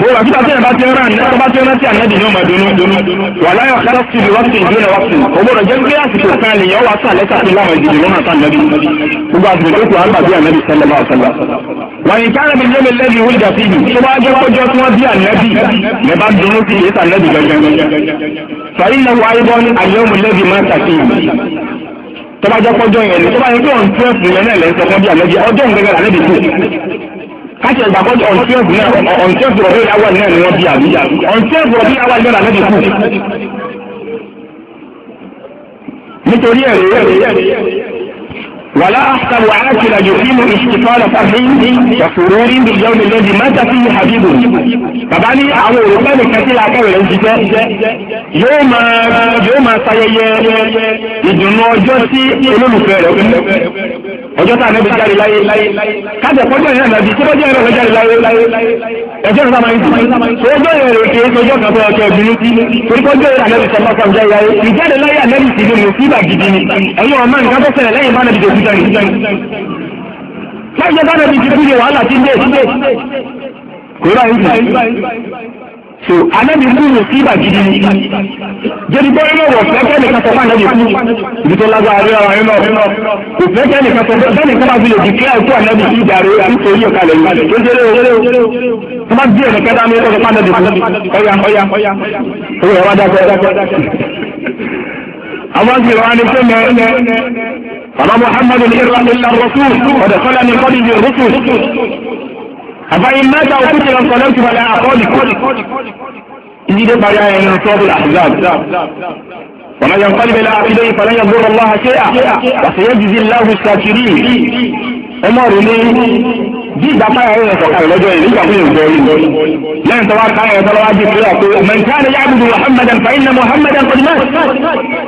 wọ́n wà fún àtẹ̀yìn bá ti rán àná bá ti rán sí ànábì ní ọmọ dunu wà láyọ̀ kára sí ibi wáṣí ìdúnà wáṣí ọgbọ́n ọjọ́ gbé àsìkò kan lè yọ wá sí àlẹ́ sàfihàn láwọn ìdìbò lọ́nà tá ànábì gbogbo àsìkò tó kù àgbà bí ànábì sẹ́lẹ̀ bá ọ̀sẹ̀ wà ní kára bí ànábì lẹ́bi máa tàkì kọjọ́ yẹn ni tọ́ba yẹn tó ń tún yẹn náà ọjọ́ ń gẹ́gẹ́ ànábì tó káṣí ẹgbà kọjú ọ̀nṣẹ́fù náà ọ̀nṣẹ́fù rọ̀bí awà náà ni wọ́n bí àbí ọ̀nṣẹ́fù rọ̀bí awà náà lẹ́bi kú. nítorí ẹ̀rí wàlá àṣàwò àkìlà yòókìlù ìṣìkọ́lá fàfihì ṣàfùrù orí ní ìjọ òní lẹ́bi mẹ́ta fi habibu. bàbá ní àwọn òrùka nìkan tí làákàwé rẹ̀ ń jíjẹ́ yóò máa yóò máa ṣayẹyẹ ìdùnnú ọjọ́ sí olólùfẹ́ rẹ̀ kú ọjọ́ tá a nẹ́bi jáde láyé kájẹ̀ kọjọ́ yẹn nàbí tí kọjọ́ yẹn lọ́jọ́ jáde láyé ẹjọ́ náà máa ń tún ọjọ́ yẹn rè ké ọjọ́ kan fún ọjọ́ ìbínú torí kọjọ́ yẹn ànẹ́bi sọ máa kọjá láyé ìjáde láyé ànẹ́bi sì ni mùsíbà gidi ni ẹ̀yin ọmọ nǹkan tó ṣẹlẹ̀ lẹ́yìn bá nàbí tó kúta ni. láyé bá nàbí ti kú so anabi kú musiba gidi jẹni bọ́ inú wọ̀ fẹ́ kẹ́ nìkan sọ́kọ́ anabi kú ibi tó lágbára rí ọ̀rọ̀ inú kò fẹ́ kẹ́ nìkan sọ́kọ́ kẹ́ nìkan bá fi lè dìklẹ́ ikú anabi kú jàre ikú orí ọ̀ka lẹ̀ yìí tó jẹ́rẹ́ o tó bá díẹ̀ nìkan dá mi ẹ̀kọ́ sọ́kọ́ anabi kú ọ̀ya ọ̀ya ọ̀ya ọ̀ya wá dákẹ́ àwọn ti rọ̀ ẹni fún mi bàbá muhammadu ní ìrọ̀ ìlà rọ̀sùn ọ̀dẹ̀ sọ́lá ní kọ́lí فإن مات أو قتل عن صلاته أقول أخالك إن دي بريا يعني أصحاب الأحزاب ومن ينقلب إلى عقبيه فلن يضر الله شيئا وسيجزي الله الشاكرين عمر لي دي دفع يا رجل فقال رجل لي كفين الزوين لأن تبار قال يا ترى واجب من كان يعبد محمدا فإن محمدا قد مات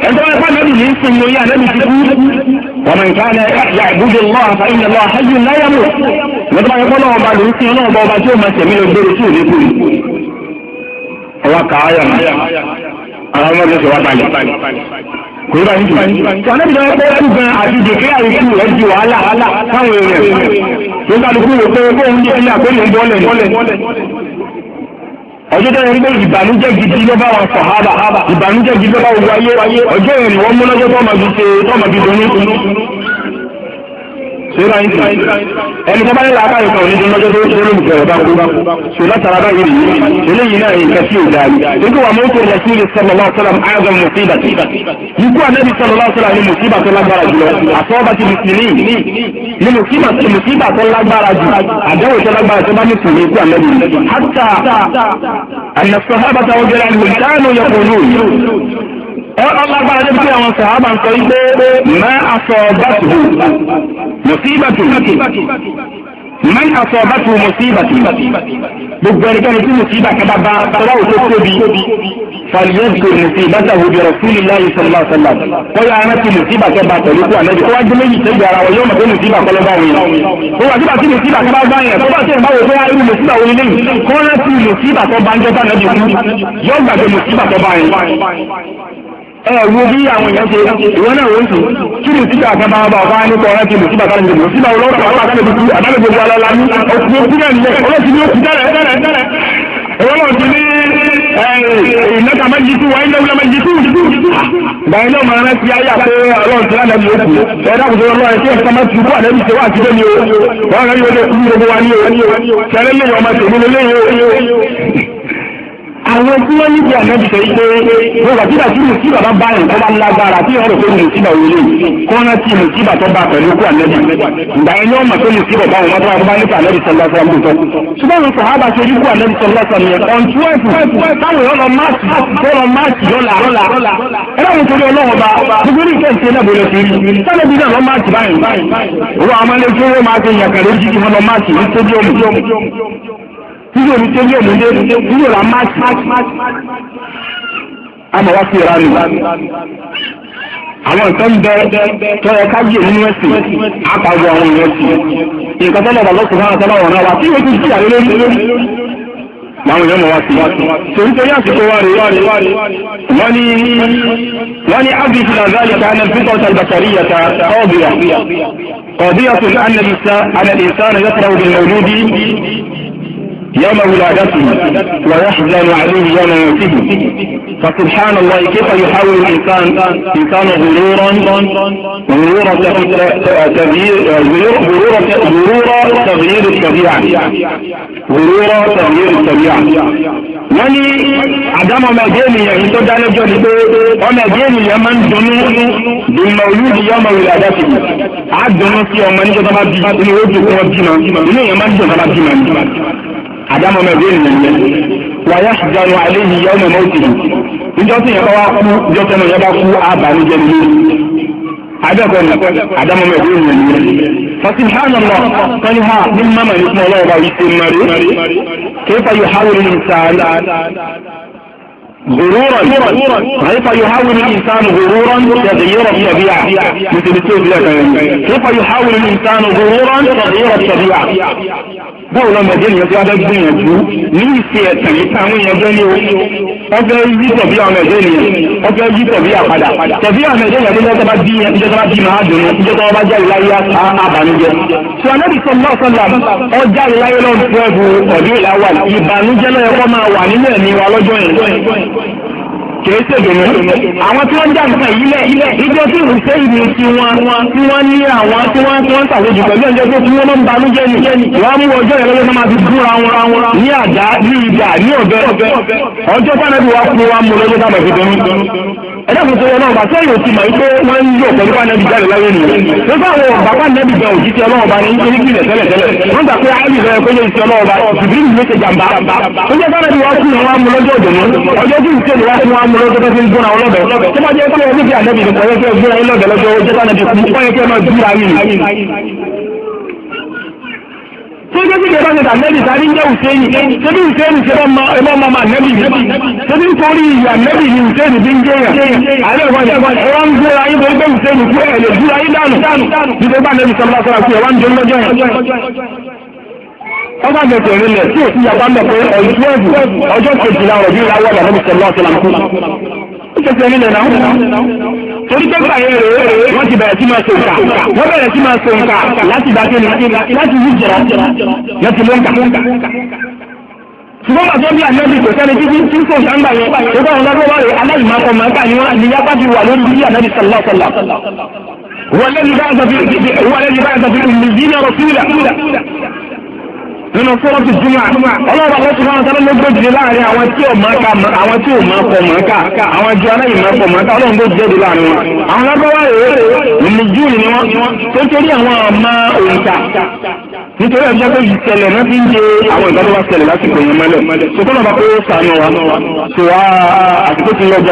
عندما يقال نبي ليسهم ويا نبي شكور ومن كان يعبد الله فإن الله حي لا يموت mọtò bá kọ́ lọ́wọ́ ba lòún ọba tí ó máa tẹ̀mí lọ gbére tí ò ní kú ọwọ́ kà á yà mí àwọn ọmọ mi balẹ̀ kò yíba yín gan àríkú rẹ̀ di wàhálà káwọn èèyàn tó rò pé ilé ń bọ́lẹ̀ ọjọ́ tó yẹn ìbànújẹ́ gidi ló sera yi ẹni tó bá yẹ laaka yìí kan ní tó lọ́jọ́ tó ṣe lóun fẹ̀rẹ̀ bá kú so látara bá yìí eléyìí náà yìí kẹsí ò dáa yìí tó wà mú tó yẹ sílẹ̀ sallallahu sallam ayọ̀dọ̀ musiba ti ikú anabi sallallahu sallam ni musiba tó lágbára jùlọ àtọ́ba ti mùsùlùmí ni musiba ti musiba tó lágbára jù àdéhùn tó lágbára tó bá mùsùlùmí ikú anabi hatta anasahaba tawajjala alhulkanu yaqulun ọlọ́gbàá ní bí àwọn sàhábà ń sọ yí pé má aṣọ bàtù mùsíbàtù man asọ̀bàtù mùsíbàtù gbogbo ẹnikẹ́ni tí mùsíbà kẹta bá tọ́láwò tó tóbi fàlíyẹ́dùkú mùsíbàtà òbí rasúlì láyé sọlá sọlá wọ́n yà rántí mùsíbà kẹta pẹ̀lú kú àlejò kó wá gbé tẹ́jú ara wọn yóò mọ̀ pé mùsíbà kọ́ bá wọn yìí. ó wà síbà tí mùsíbà kẹta bá ẹ wo bí àwọn èèyàn ṣe ìwọ náà wò ó sùn kí ni títà àgbàbà ọba ọba ní kọ ọ̀rẹ́ ti lò síbà sálẹ̀ lò síbà olóró àwọn àtàlẹ̀ tuntun àtàlẹ̀ gbogbo alala ní òkú òkú náà nílẹ̀ olóòtú ni ó kú tẹ́lẹ̀ tẹ́lẹ̀ tẹ́lẹ̀ ìwọ náà ti ní ìlẹ́ka méjì tú wáyé lẹ́wọ́ méjì tú. báyìí náà máa rántí ayé àpé ọlọ́run ti lánàá mi ó kú ẹ dákun tó lọ́wọ́ ẹ tí ẹ̀ka máa ti kú àdébí ṣe wá àtijọ́ ni o wọ́n rẹ̀ yóò lè kú gbogbo wa ni o kẹlẹ́ lè yọ ọmọ tèmi lé àwọn tí wọ́n níbi ànábì sọ pé mo wà tí bàtí mo tí bàbá bá yàn tó bá lágbára tí wọ́n rò pé mo tí bà wọlé kọ́nà tí mo tí bà tó bá pẹ̀lú kú ànábì ìgbà yẹn ló mà pé mo tí bà báwọn mọ́tò àbúrò bá nípa ànábì sọlá sọlá mọ́tò. ṣùgbọ́n mo sọ̀rọ̀ àbá ṣe rí kú ànábì sọlá sọlá yẹn on twelve táwọn yọ lọ máàkì tó lọ máàkì lọ́la lọ́la ẹ̀rọ mi torí ọlọ́wọ́n ba gbogbo ní kẹ́ ṣe lẹ́bùrẹ́ sí i sálẹ̀ bí náà lọ máàkì báyìí. owó àwọn ọmọ ilé tí wọ́n máa ṣe yàkàrẹ́ jíjí wọn lọ máàkì ní sẹ́díọ̀mù yóò ní dé yóò ní dé yóò rà má àmọ́ wá sí ìranù àwọn nǹkan bẹ tó yẹ ká yé nínú ẹsìn àpàgbọ àwọn èèyàn sí nǹkan tó lọ́wọ́ lọ́sùn fún àwọn ọ̀nà wa tí yóò ti jí àlẹ́ lórí làwọn èèyàn mọ̀ wá sí torí torí àsìkò wa rè wọ́n ní wọ́n ní abdul azali kan fífọ́ sàlbàtàrí yàtà ọ̀bìyà ọ̀bìyà tó ní anàlìsá anàlìsá rẹ̀ yàtà òbí يوم ولادته ويحزن عليه يوم موته فسبحان الله كيف يحاول الانسان انسان غرورا غرورا تغيير غرورا غرورا تغيير الطبيعه غرورا تغيير الطبيعه يعني عدم ما جاني يعني تود على وما جاني يمن جنوه بالمولود يوم ولادته عد نصي يوم من جدما بيجي وجه كوابجنا àdámọ́ náà bí ènìyàn yẹn wà yá ṣùgbọ́n alẹ́ yìí yá ọmọ mọ́tì níjọ́ tí yẹn bá kú níjọ́ tí yẹn bá kú àbánijẹ́ ni adẹ́kọ̀ọ́ ni àdámọ́ náà bí ènìyàn yẹn fasibhanallah wani ha min mama ni kuma Allah ba yake mare kaifa yuhawil insan غرورا كيف يحاول الانسان غرورا تغيير الطبيعه مثل كيف يحاول الانسان غرورا تغيير الطبيعه báwo lọ mọ̀jẹ́ nìyẹn tí wọ́n gbìyànjú ní ìṣe ẹ̀sìn yìí táwọn èèyàn fẹ́ ní o wọ́n yí tọ̀bí àwọn ẹ̀jẹ̀ nìyẹn wọ́n yí tọ̀bí àpadà tọ̀bí àwọn ẹ̀jẹ̀ nìyẹn níjọ́ tó bí yẹn níjọ́ bí máa dùn yẹn níjọ́ tó jáde láyé àbànújẹ́. tí wọn lórí sọlá ọsọlá ọ jáde láyé lọ́dún fún ẹ̀bù ọ̀dún ìlà wà ìbànújẹ́ lọ́yẹ kìí ṣègbè ní. àwọn tí wọ́n ń jàǹkà yìí lẹ̀ ìjọ tí ìlú ṣe ìlú ti wọn tí wọ́n ní àwọn tí wọ́n tí wọ́n ṣàlejò pẹ̀lú ẹ̀jẹ̀ tó tí wọ́n máa ń banújẹ́ ni. wọ́n á mú ọjọ́ yẹn lọ́jọ́ máa fi dúra wọn ní àdá ní ìdá ní ọ̀bẹ ọjọ́ ẹlẹ́kùn tó yẹ náà bàtí ẹ̀yìn òtí mà yí pé wọ́n ń yọ pẹ̀lú bánẹ́bí jáde láyé nìyí wọ́n fún àwọn bàbá nẹ́bí gan òjì tí ní nítorí tẹ́lẹ̀tẹ́lẹ̀ wọ́n gbà pé áyì lọ́yẹ kó yẹ ti ọlọ́wọ́ bá ṣùgbọ́n ìlú ó jẹ́ sáré bí wọ́n fún wọn mú lọ́jọ́ òdòdó ọjọ́ tí ìṣe ni wọ́n wọn mú lọ́jọ́ sójú sí kẹfà ṣẹta nẹ́bì sáré ń jẹ́ hùsẹ́nì sójú hùsẹ́nì ṣe ẹmọ ọmọ ọmọ nẹ́bì nẹ́bì sójú torí ìyà nẹ́bì ni hùsẹ́nì bí ń jẹ́ yà àlẹ́ ìwọ̀n ẹ̀rọ ń gbé ayé torí pé hùsẹ́nì kú ẹ̀ lè dúró ayé dànù dídé bá nẹ́bì sọ́lá sọ́ra kú ẹ̀ wá ń jẹun lọ́jọ́ yẹn ọba gbẹ̀tẹ̀ rílẹ̀ tí ò sí yàgbá mẹ́ pé ọjọ́ ẹ̀bù ọjọ́ kejìlá ọ̀rọ̀ bí ìlàwọ̀ ọ̀nà ọ̀nà ìṣẹ̀lẹ̀ ọ̀sẹ̀ làǹkú. ó gbẹ̀tẹ̀ rílẹ̀ náà torí pé gbà yẹn rèé wọ́n ti bẹ̀rẹ̀ sí máa ṣe nǹka wọ́n bẹ̀rẹ̀ sí máa ṣe nǹka láti bá kéde láti yí jẹ̀rà láti mú nǹka. ṣùgbọ́n bàtọ́ bí ànábì kò sẹ́ni títí tí kò sá ń gbà yẹn tó bá wọn lọ́wọ́ rẹ̀ aláìmọ̀kọ́ máa gbà ní wọn àníyápá ti wà lórí bí ànábì sàlá sàlá. wọ́n lẹ́ni bá nínú sọ́rọ́tù júmọ̀ ọlọ́run àwọn sọ́rọ́ sọ́rọ́ ló gbèjì láàrin àwọn tí ò máa ka àwọn tí ò máa kọ máa ka àwọn ju aláìní máa kọ máa ka ọlọ́run ló gbèjì láàrin wọn. àwọn lábọ́wá rèé ìmìjú ni wọn tó torí àwọn ọmọ òǹkà nítorí ẹgbẹ́ tó yìí ṣẹlẹ̀ náà fi ń ṣe àwọn ìgbà tó bá ṣẹlẹ̀ lásìkò yẹn mọ́lẹ̀ ṣùgbọ́n bàbá pé ó sànù wa ṣò wá àtìkó ti lọ́jà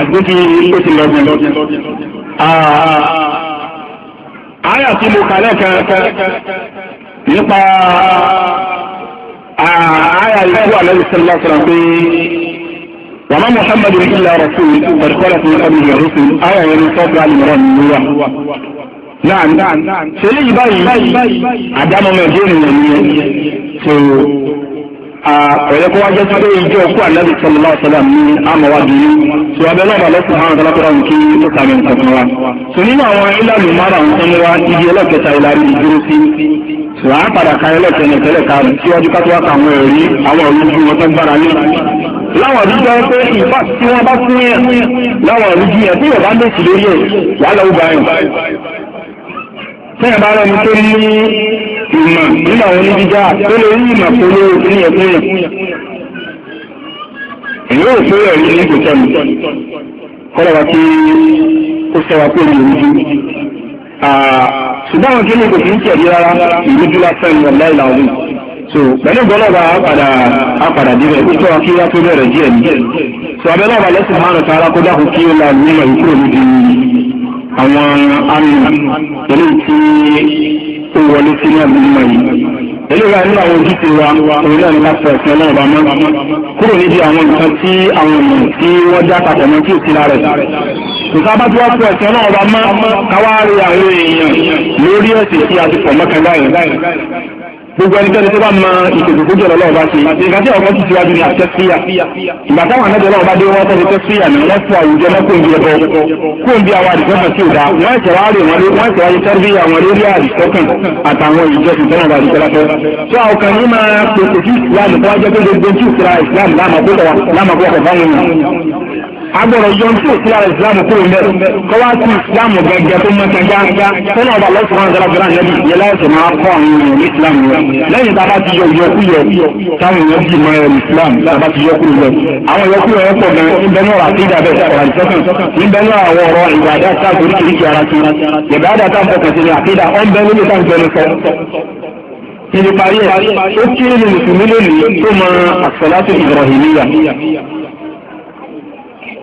àtìkó ti ó ti lọ́jà àyà tí mo kàlẹ́ kan nípa àyà ikú alẹ́ sẹ́lá sọ̀rọ̀ pé wàmà muhammadu illa rasul ìgbàdúgbàdà tó ń kọ́ mi yẹ̀rọ yẹn tó gba àlùmọ́rọ̀ nínú wa. náà ṣe lè yí báyìí àdámọ́ mẹ́jọ ènìyàn nìyẹn yẹ kó wá jẹ́ pé ìjọ òkú àlẹ́bí sọlọ́lá ọ̀sọ́lá ní àmọ́wádìí ní tó abẹ́ náà balẹ̀ fún àwọn ọ̀dọ́lọ́pọ̀lá ní kí ó sàmì nǹkan fún wa. tó nínú àwọn ìlànà ìmọ̀ràn àwọn sọ́ni wa ibi ẹlẹ́kẹta ìlànà ìdúró sí. tó à ń padà ka ẹlẹ́kẹ̀ẹ́ nìkẹ́lẹ̀ ká síwájú ká tó wá ka àwọn ẹ̀rí àwọn ọ̀rọ̀ wọn tó ń bára láwọn àdúgbò wọn pé ìfà tí wọ́n bá fún yẹn láwọn àdúgbò yẹn tí yóò bá lòsì lórí wàá lọ́wọ́ báyìí. sẹ́yìn bá rẹ̀ ní tó ní ìmọ̀ nínú àwọn onídìjà tó lè rí ìmọ̀ polo ní ẹ̀kúnyẹ̀ èyí ò fẹ́ ẹ̀rí ní ìgbésẹ̀ mi kọ́lọ́wà pé ó sọ wa pé mi ò rújú ṣùgbọ́n àwọn kíni kò fi ń tẹ̀lé rárá ìrújú lásán ní ọ̀la ìlà ọ̀dún so pẹ̀lú gbọ́lọ́ba àpàdà àpàdà díẹ̀ ó sọ wa kí wá tó bẹ̀rẹ̀ díẹ̀ ni so abẹ́lẹ́ ọ̀bà lẹ́sìn máa ń rọ̀ sára kó dákun kí ó la nílò ìkúrò níbi àwọn àmì eléyìí tí ó wọlé sínú àbúrò yìí eléyìí àti àwọn ojúṣe wa orílẹ̀ èdè láti ẹ̀sìn ọlọ́run bá mọ́ kúrò níbi àwọn nǹkan tí àwọn èèyàn tí wọ́n já papọ̀ mọ́ tí ò sí lára ẹ̀. nǹkan bá tí wọ́n fọ ẹ̀sìn ọlọ́run bá mọ́ káwá rí àwọn èèyàn lórí ẹ̀sìn tí a ti pọ̀ mọ́ kan gbogbo ẹnikẹ́ni tó bá ma ìpèsè tó jọ̀rọ̀ lọ́wọ́ bá ṣe ìgbà tí ọkọ̀ ti tiwájú ní àtẹ́síyà ìgbà táwọn anájọ́ lọ́wọ́ bá dé wọ́n tẹ́lẹ̀ tẹ́síyà ni wọ́n fún àwùjọ mẹ́kòǹdì ẹ̀bọ kóńdì àwọn àdìsọ́kàn tí ò dá wọ́n ẹ̀sẹ̀ wá rè wọ́n lé wọ́n ẹ̀sẹ̀ wá yẹ sẹ́rí àwọn lórí àdìsọ́kàn àtàwọn ìjọsìn agbọ̀rọ̀ yọ tí òsì ara ìsìlámù kúrò ń bẹ̀ kọ́ wá sí ìsìlámù gẹ́gẹ́ tó mọ́ kẹjá sẹ́nà ọba lọ́sùn kan sára fẹ́ràn yẹn yẹ láìsẹ̀ máa kọ́ àwọn èèyàn ní ìsìlámù rẹ̀ lẹ́yìn tá a bá ti yọ ìyọkúyọ táwọn èèyàn jì mọ́ ẹ̀rù ìsìlámù tá a bá ti yọ kúrò bẹ̀ àwọn ìyọkúyọ yẹn pọ̀ gan ibẹ̀ náà àti ìdá bẹ̀ ọ̀rọ̀ ìsọ́kàn ibẹ̀ náà àwọn ọ̀rọ̀ ìgbà àdá tá a kò oríṣiríṣi ara ti ìgbà àdá tá a fọkàn sí ni àti ìdá ọ̀ ń bẹ níbi tá a ń bẹnu sọ ìdí parí ẹ̀ ó kí nínú mùsùlùmí lónìí tó mọ àsàlátù ìbọ̀rọ̀ ìníyà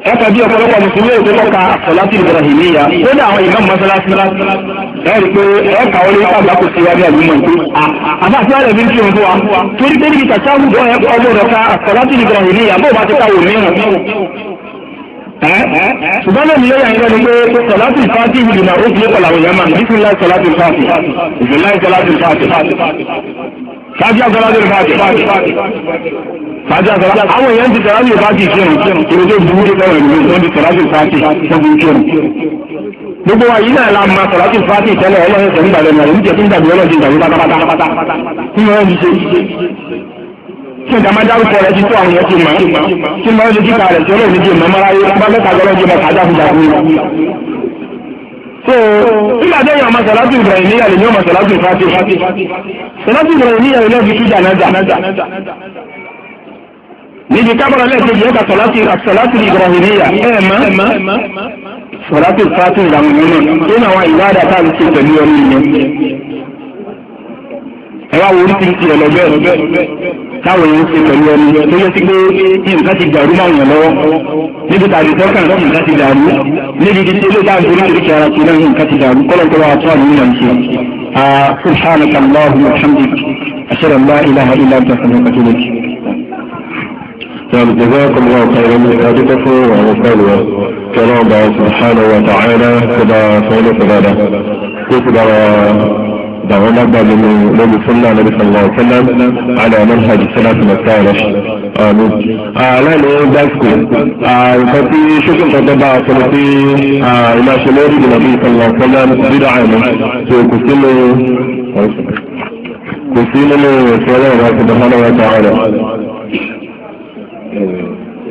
wọ́n ka bí ọ̀pọ̀lọpọ̀ mùsùlùmí èdè lọ́ka sọ̀láṣí ibrahimiya ó ní àwọn ìmọ̀ mọ́sálásí ẹ̀rí pé ẹ̀ka wọlé káàbà kò sí wájú àdúgbò pé àbá tí wọ́n lè fi ń kírun fún wa torí pé níbi tàṣà àwùjọ ẹ̀ kọ́ ọgbọ́dọ̀ ka sọ̀láṣí ibrahimiya bó bá ti ká wò mìíràn. ṣùgbọ́n lè mi lẹ́yìn lẹ́nu pé sọ̀láṣí fàájì ìlú náà ó fi lé pọ̀lá òyìnbá bísíláì sọ̀láṣí fàájì bísíláì sọ̀láṣí fàájì fàájà gbogbo wa yìí náà la ma tẹ̀lá sí ìfáàkì tẹ́lẹ̀ ọlọ́run nígbà lẹ́nu àlùmíjẹ tó ń dàbí ọlọ́run ti pátápátá kí wọ́n ti ṣe. kí n dàmá dárúkọ rẹ ti àwọn yẹn ti kí n bá kíkà rẹ̀ tí ọlọ́run ti di mọ̀mọ́ráyé bá mẹ́ta gọ́lọ́ so nígbà tó yàn masalatu ibrahimiya lè yàn masalatu fati masalatu ibrahimiya lè lọ́ọ́ fi kújà náà jà níbi kábàrà lẹ́ẹ̀kejì ẹ̀ka sọ̀látì ibrahimiya ẹ̀ẹ̀mọ́ sọ̀látì fàtì ìlànà yìí náà nínú àwọn ìwádà tá à ń ṣe pẹ̀lú ọmọ ìyẹn. ẹ wá wo orí ti ẹ̀ lọ bẹ́ẹ̀ táwọn èèyàn ṣe pẹ̀lú ọmọ tó yẹ sí pé nǹkan ti dàrú máa yàn lọ́wọ́ níbi tàbí tọ́kàn nǹkan ti dàrú níbi tí ilé tá à ń borí ní kí ara ti náà nǹkan ti dàrú kọ́lọ́ tó wà tó àdúgbò yàn ṣe. Ah, subhanaka allahumma wa bihamdika ashhadu an la ilaha illa anta astaghfiruka wa atubu نعم جزاكم الله خيرا حاجتكم ومستوى كلام الله سبحانه وتعالى كدا فعل فلادة كدا دعونا من نبي صلى الله عليه وسلم على منهج سنة الثالث آمين أعلن ذلك فتي شكرا تبع سنتي إلى شمال النبي صلى الله عليه وسلم بدعامة كسل كسل من سنة الله سبحانه وتعالى Eh,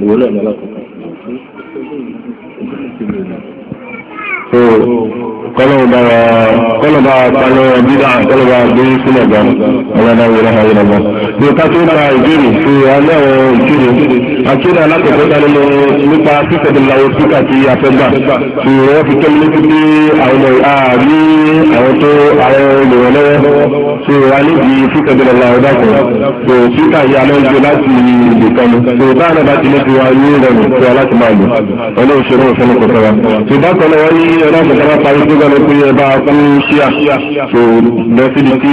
ìwọ náà kọ̀ọ̀kan kọlọ́wọ́ bá wa kọlọ́wọ́ bá wa kpalọ́ dídá kọlọ́wọ́ bá wa gbé sílẹ̀ gan ọlọ́dà wẹ̀rẹ̀ ha yẹlẹ̀ gan. bí o ká tó ka ìbéèrè fi alẹ́ ọ̀ ìkéde akéde alákòókò sáré lọ nípa fífẹ̀dẹ̀láwọ̀ síkà tí a fẹ́ gbà fi wọ́n fi tó létí pé àwọn ọmọ ìhà ní àwọn tó àwọn olùrànlọ́wọ́ fi wà níbi fífẹ̀dẹ̀láwọ̀ dàpọ̀ tó síkà yà lọ jẹ láti ìdìkan tó bá àná bá ti lé tiwa ní ìrọ̀lù tó aláṣẹ máa lò ọlọ́run ṣe náà fẹ́ sọ̀rọ̀ pé ẹ bá fún ṣíà tó lọ síbi tí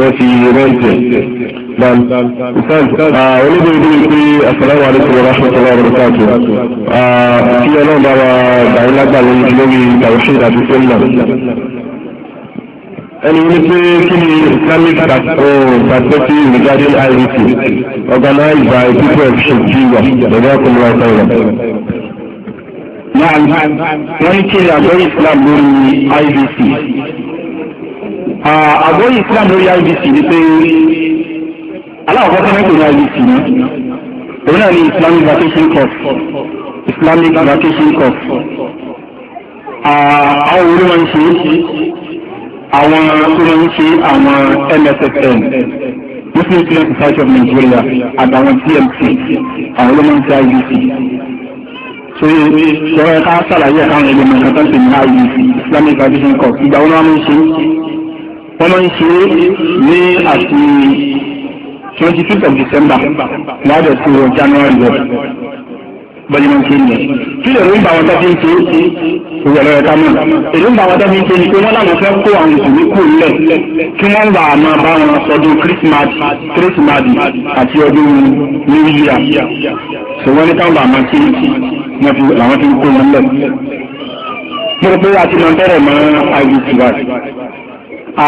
wọ́n ti rẹ́ǹtẹ̀. Uh, olóògbé ìdí ni pé asalaamu alaykum wa rahmatullahi wa barakatuh. Uh, kí ọlọ́run bá wa dàrú lágbàlẹ̀ lórí tawhid àti sunnah. ẹni wọ́n pé kí ni islamic perspective uh, regarding IVT organized by people of Sheikh Jiwa, the welcome right now. Náà wọ́n ń kiri àgọ́ Islam lórí IVC. Àgọ́ Islam lórí IVC ni pé aláwọ̀kọ́ tó mẹ́kùn IBC IVC ni. Òun náà ni Islamic Vacation Corps. Islamic Vacation Corps. Àwọn orí wọn ń ṣe àwọn tó máa ń ṣe àwọn MSFN. Muslim Student Society of Nigeria àtàwọn TMC àwọn ló máa ń ṣe IVC so lọ́wọ́ ká sàlàyé káwọn ẹgbẹ́ mọ̀ọ́ká tó ń pè ní iec islamic foundation corps ìgbà wọn máa ń ṣe wọ́n máa ń ṣe ní àti twenty fifth of december láàbẹ̀ sí january bọ́lí máa ń ṣe nìyẹn kí lè lóyún bá wọn tẹ́tí ń ṣe òwe ọ̀rọ̀ ẹ̀ka mọ̀ èló ń bá wọn tẹ́tí ń ṣe ni pé wọ́n láwọn fẹ́ kó àwọn ìsìnkú kù nílẹ̀ kí wọ́n ń bá a máa bá wọn sọdún kírísímàdì àti ọdún new year ṣùgbọ́n ní káwọn bá a máa ṣe làwọn ti ń kó nílẹ̀ mo rò pé a ti máa ń tẹ́rẹ̀ mọ́ ibc wa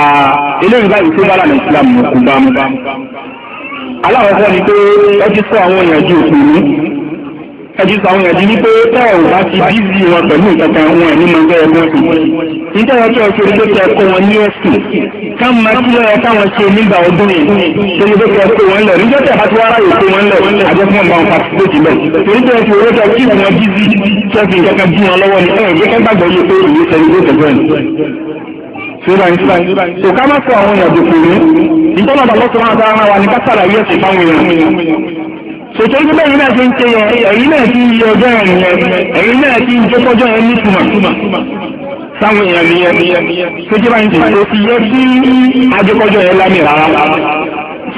eléyìí báyìí tó bá lànà ìsìlámù kò bá ẹ̀jú sàwọn ẹ̀jú ní pé tẹ́ẹ̀ ò bá ti bízì wọn pẹ̀lú ìtọ́ka wọn ẹ̀ ní mọ̀gbẹ́ ẹgbẹ́ ẹ̀sìn. níta wọn kí ọ̀ṣọ́ olùdókè ẹ̀kọ́ wọn ní ẹ̀sìn ká máa kí ọ̀yọ́ káwọn ṣe nígbà ọdún yìí ṣe olùdókè ẹ̀kọ́ wọn lẹ̀ níjọ́ tẹ̀ bá ti wá ráyè kó wọn lẹ̀ àjẹsán bá wọn pàṣípèjì lẹ̀ torí tẹ̀ fi olùdókè kí wọn bízì ṣẹ́fì kankan bí wọn lọ́wọ́ ni ẹ̀ jẹ́ ká gbàgbọ́ yẹ pé èyí ṣe olùdókè tó ká má sọ àwọn èèyàn dòkòrò ìtọ́nà bàbá sọ máa dára wa ni ká sàlàyé ẹ̀sìn fáwọn èèyàn sòtò ibi bẹ́ẹ̀ yìí náà ti ń ṣe yẹ ẹ̀yìn náà ti ń yẹ ọjọ́ ẹ̀rìn yẹn ẹ̀yìn náà ti ń jókòjọ́ ẹ̀ ní tùmọ̀ sáwọn èèyàn nìyẹn tó jẹ́ báyìí tó fi yẹ sí ajẹ́kọ́jọ́ yẹn lámì rárá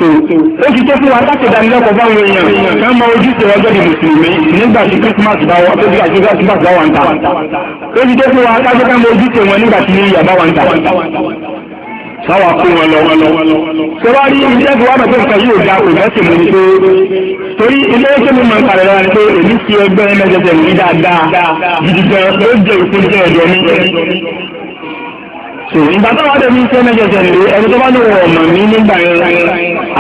ó ti tó fún wa láti dánilẹ́kọ̀ọ́ fáwọn èèyàn ká mọ ojúṣe ọjọ́ di mùsùlùmí nígbà tí Christmas bá wà tó dìgbà tí Christmas bá wà ń ta ó ti tó fún wa láti ká mọ ojúṣe wọn nígbà tí yíyà bá wà ń ta káwa kó wọn lọ. sọ́wọ́n rí ilé ẹ̀fọ́ wà pẹ̀lú nǹkan yóò da kò lẹ́sìn mi ni pé torí ilé ẹ̀fọ́ mi máa ń kàlẹ́ lọ́wọ́ ni pé èmi ti ẹgbẹ́ ẹ̀mẹ́jẹ̀jẹ̀ mi dáadáa gidi gan ló jẹ́ ìpínlẹ̀ ẹ̀dọ́ mi ìgbà tó wà tẹ̀lé iṣẹ́ mẹ́jẹ̀jẹ̀ lé ẹni tó bá ní wọ̀ ọ̀nà ní nígbà yẹn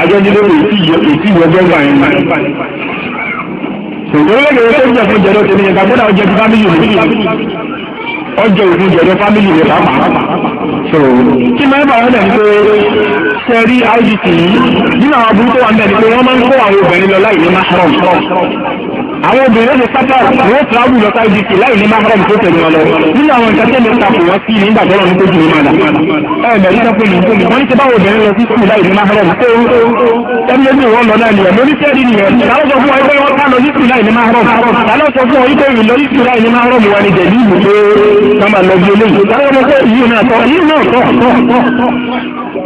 àjọjúlé èsì ìwọ́gbọ́gbà yẹn mà. orílẹ̀-èdè tó jẹ́ fún jẹ̀dọ̀ tẹ̀lé yẹn gbàgbọ́dọ̀ ọjọ́ ti fámìlì rẹ̀ ọjọ́ ìfún jẹ̀dọ̀ fámìlì rẹ̀ pàápàá so kí máa bàa lẹ̀ pé sẹ́rí IGT nínú àwọn aburú tó wà ń bẹ̀ ni pé wọ́n máa ń kó àwọn obìnrin lọ láì ní mahram àwọn obìnrin lè sábà wọ́n travel lọ sáà dìkì láì ní mahram tó tẹ̀lé wọn lọ nínú àwọn nǹkan tẹ́lẹ̀ ń takò wọ́n sí nígbà tọ́lọ́ ní kójú mímọ́ àdá ẹ̀ẹ́dẹ̀ ní sọ́kùn ní ìgbóni wọ́n ní ti báwo obìnrin lọ sí sùkúl láì ní mahram tó ẹ̀ẹ́dẹ́gbẹ̀ wọ́n lọ náà nìyẹn lórí tẹ́lẹ̀ nìyẹn tàlọ́ sọ fún wa pé wọ́n ká lọ sí sùkúl láì ní mahram tàlọ́ sọ fún wa pé ìlọ sí sùkúl láì ní mahram wa ni dẹ̀lí ìlú pé ká máa lọ bí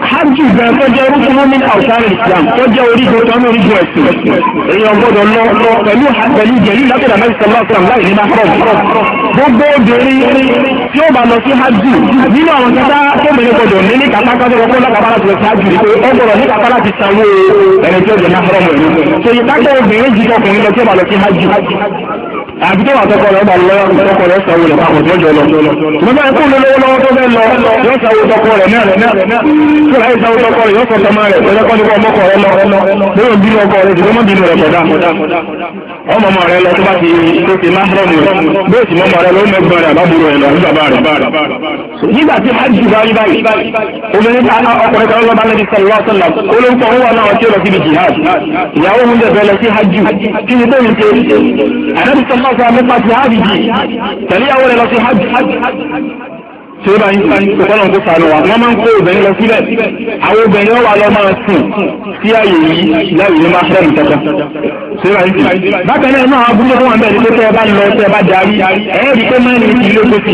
hajj gan tó jẹ́ rúkúnú ní àwùjáre islam tó jẹ́ orígun tó ní orígun ẹ̀sìn èèyàn gbọ́dọ̀ lọ lọ pẹ̀lú pẹ̀lú ìjẹ̀lú látọ̀dọ̀ mẹ́rin sọ̀rọ̀ sọ̀rọ̀ láì ní máa rọ̀ gbogbo obìnrin tí ó bá lọ sí hajj nínú àwọn kẹta tó mẹ́rin gbọ́dọ̀ ní ní kàtà kọ́jọ́ kọ́kọ́ lákàbá láti lọ sí hajj ni pé ó gbọ́dọ̀ ní kàtà láti sanwó ẹ̀rẹ̀ tí ó jẹ́ máa rọ̀ mọ̀ èyí kákẹ́ obìnrin jì ọkùnrin lọ tí ó bá lọ sí hajj àbí tó wà tọkọ rẹ bá lọ tọkọ rẹ sanwó rẹ tí láyé sáwọ́ tọkọ rẹ̀ yóò fọ̀tọ̀ máa rẹ̀ tọ́jọ́ kọ́ nípa ọmọkọ rẹ̀ lọ lórí òbínú ọkọ rẹ̀ ṣùgbọ́n bínú rẹ̀ kọ̀dá ọmọ ọmọ rẹ̀ lọ tó bá ti tó ti máa rọ̀ nù bó sì mọ́mọ́ rẹ̀ ló ń mẹ́gbọ́n rẹ̀ àbábúrò rẹ̀ lọ nígbà bá rẹ̀ nígbà tí hajj bá rí báyìí obìnrin tí ọkùnrin kan lọ́ba lẹ́bi sọ̀rọ̀ sọ̀lá olóńtò òun wà náà tí ó lọ síbi jihad ìyàwó òun dẹ̀ bẹ̀rẹ̀ sí hajj kí ni bóyá ṣe ànábi sọ̀rọ̀ sọ̀rọ̀ nípa jihad yìí tẹ̀lé ìyàwó rẹ̀ lọ sí hajj tí ó bá ń sá ìpọ́nà tó sànù wa wọ́n máa ń kó obìnrin lọ síbẹ̀ àwọn obìnrin wà lọ́ máa sùn sí àyè yìí láyé ní mahrem kankan tí ó bá ń sìn. bákan náà náà abúlé fún wọn bẹ́ẹ̀ ni pé tẹ́ ẹ bá lọ tẹ́ ẹ bá darí ẹ̀ẹ́dì pé mẹ́rin ti lé sófì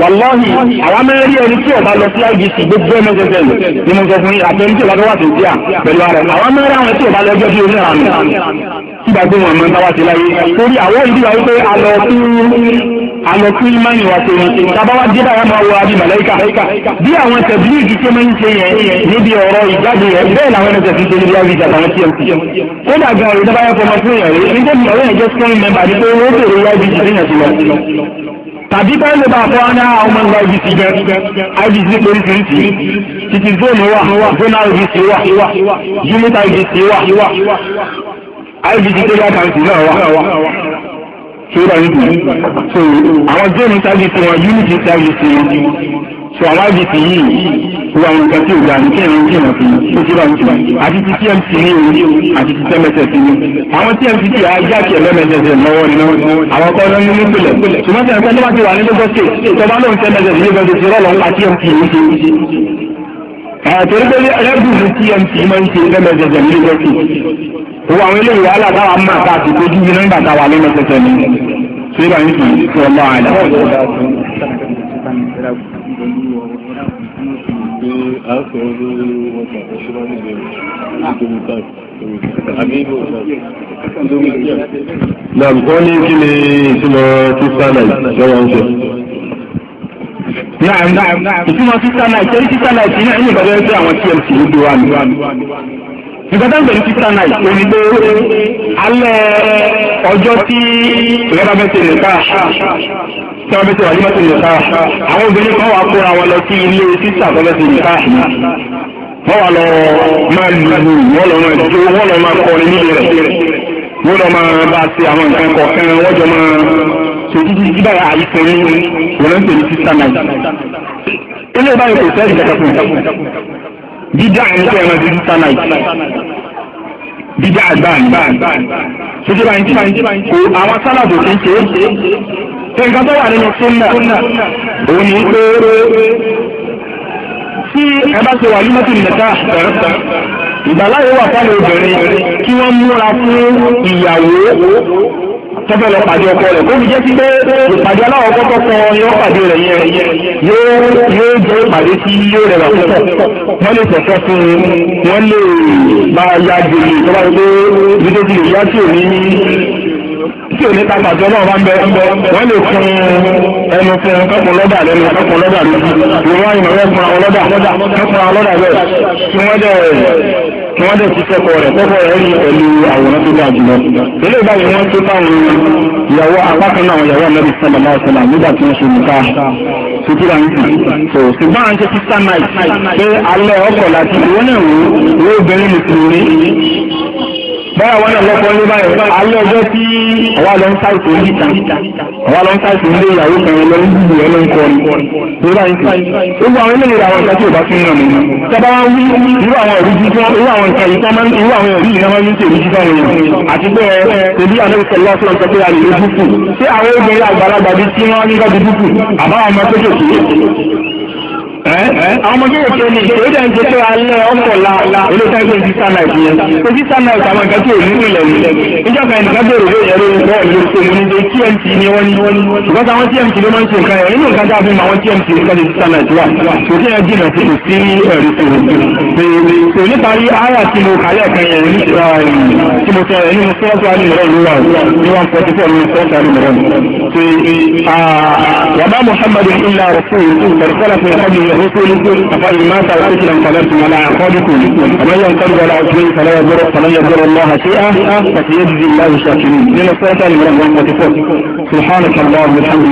wàláhì àwọn amẹ́rẹ́rí ẹni tí ọba lọ sí ibc gbogbo ẹni ọgbẹ́sẹ̀ lò ni mo sọ fún yín àti ẹni tí ọba tó wà sí à pẹ̀lú ara ẹ̀ àwọn amẹ́rẹ́rí àwọn tí ọba lọ sí láyé torí àwọn ìdíyà àlọ́ fún ìmánì wa ṣe wọn. tàbá wa dé báyà máa wọ abi màláìkà. bí àwọn tẹ̀bílì ìdí tó máa ń ṣe yẹn níbi ọ̀rọ̀ ìjáde yẹn bẹ́ẹ̀ làwọn ẹ̀sẹ̀ ti ṣe níbi àwùjọ àtàwọn TMC. kódà gan ọ̀rọ̀ ìdábàyà fọmọ fún èèyàn rẹ̀ nígbà tí ọ̀rẹ́ yẹn jẹ́ strong member ni pé ó bèrè wá ibi ìṣẹ̀lẹ̀ tàbí báyìí lè bá a fọ ọ́nà ọmọ ńlá ibc gan ibc oríṣiríṣi títí zone wà zona ibc wà unit ibc wà ibc tó yá kàǹtì náà wà ṣé ó dàbí tì so àwọn jẹ́ni sáàgì tí wọn unity sáàgì tí wọn so àwọn àgìtì yìí wọ àwọn nǹkan tí ò dáa ní kí ẹ̀rọ kí ẹ̀rọ fi ó ṣe báyìí tì àti ti tmc ní o àti ti tmss ní àwọn tmc tí a já kí ẹ̀rọ mss lọ́wọ́ ni àwọn kọ́ ló ń mú pìlẹ̀ ṣùgbọ́n tí ẹ̀rọ tó bá ti wà ní lagos state tó bá lóun tmss ní lagos state rọ́ọ̀lọ́ ń pa tmc ní ṣe àtẹ̀rẹ́gbẹ́lẹ́ ẹ̀rọ dùn ní tmc máa ń wo àwọn eléyìí wàhálà táwa máa ta àti kojú iná nígbà táwa lọ́nà tẹ̀tẹ̀ ni síbà ní kì í sọ lọ́wọ́ àlẹ́. Nàà wọ́n ní kí ni ìtumọ̀ títà náà lọ́wọ́ ń ṣe. Nàà ìtumọ̀ títà náà ìtẹ́rí títà náà ìtìyàn ní ẹgbẹ́ àwọn TMC ló gbé wa nù nǹkan tá ń gbẹ̀lú títà náà ìpè ní pé alẹ́ ọjọ́ tí ìyára bẹ́ẹ̀ ti lè ká tí wọ́n bẹ́ẹ̀ ti wà ní bẹ́ẹ̀ ti lè ká àwọn obìnrin kan wà kóra wọn lọ sí ilé títà tó bẹ́ẹ̀ lè ká wọ́n wà lọ máa lùlù wọ́n lọ máa wọ́n lọ máa kọrin níbi rẹ̀ wọ́n lọ máa bá a àwọn nǹkan kọ̀ọ̀kan wọ́n jọ máa sojú títí báyà ní wọ́n ń bídà ni kẹ́ ẹ máa fi sáláìtì bídà àgbà ni ṣojú bá ń tí kò àwọn sálàbò kì í ṣe é ṣe nǹkan tó wà nínú sunna òun ni pé tí ẹ bá ṣe wà ní mọ́tò nìkan ìgbàláyé wà fáwọn obìnrin kí wọ́n múra fún ìyàwó tọ́jọ́ lọ pàdé ọkọ rẹ̀ kóbi jẹ́ sí pé ìpàdé aláwọ̀ kọ́kọ́ kan yóò pàdé rẹ̀ yẹn yóò yóò jẹ́ ìpàdé tí yóò rẹwà púpọ̀ wọ́n lè tẹ̀sọ́ fún un wọ́n lè bá ya gbèrè tó bá gbé dídé ti ìyá tí ò ní tí ò ní ta pàdé ọlọ́wọ́ bá ń bẹ wọ́n lè fún ẹnu fún kẹ́kọ̀ọ́ lọ́dà lẹ́nu kẹ́kọ̀ọ́ lọ́dà lójú ìwọ́n ìmọ̀ kí wọ́n ti sọ́kọ rẹ̀ sọ́kọ rẹ̀ rí pẹ̀lú àwòrán tó dáa jùlọ. ilé ìbáyìí wọ́n tó táwọn ìyàwó apá kan ìyàwó àmọ́bí sábà máa sọ̀rọ̀ nígbà tí wọ́n ṣe nìka sotira ń sìn. so ṣùgbọ́n à ń ṣe sísá náà pé alẹ́ ọkọ̀ láti ìwọ́n náà wò ó obìnrin mùsùlùmí báyà wọn náà lọ́kọ́ ní báyìí alẹ́ ọjọ́ tí àwa lọ ń ṣàìsàn ní ìta àwa lọ ń ṣàìsàn ní ìyàwó kan lọ ń dùbò ẹ ló ń kọ́ ni tó bá yín sí. gbogbo àwọn eléyìí àwọn ìta tí ò bá tún nà mí. sábà wọn wí irú àwọn ìrújú tí wọn irú àwọn nǹkan yìí tán máa ń irú àwọn ìrújú náà máa ń ṣe ìrújú fáwọn èèyàn. àti pé ẹbí anábìsẹ lọ́sọ̀ ń sọ pé a lè lè dúkù. ṣé àwọn obìnrin àgbàlagbà bíi tí wọ́n á ní àwọn ọmọdé yóò tó ní ìṣòro dẹ̀ ń ṣe pé alẹ́ ọ̀pọ̀la olóòtú ẹgbẹ́ ti sá náà ìyẹn tó ti sá náà àwọn nǹkan tí ò ní ìlẹ̀ wù níjọba ẹnìkan bèrè lóye ẹ̀rọ ìwọ ìlú tó ní ní TMT ni wọ́n ní because àwọn TMT ló máa ń ṣe nǹkan ẹ̀ nínú nǹkan tá a fi mọ àwọn TMT nǹkan ti sá náà ìwà kò sí ẹ jìnà sí sí ẹ̀rí sòrò kò níparí ara tí mo kálẹ̀ kan yẹn tí mo sọ ẹni mo sọ sọ àmì rẹ̀ ló wà ní one forty four ní sọ sọ àmì rẹ̀ wàbá Muhammadu ilà rasul kẹrìkọ́lá fún ẹ̀kọ́ mi الرسل فإن مات أو قتل انقلبتم على أعقابكم ومن ينقلب على عقبيه فلا يضر فلن يضر الله شيئا فسيجزي الله الشاكرين من الصلاة المرة 144 سبحانك اللهم وبحمدك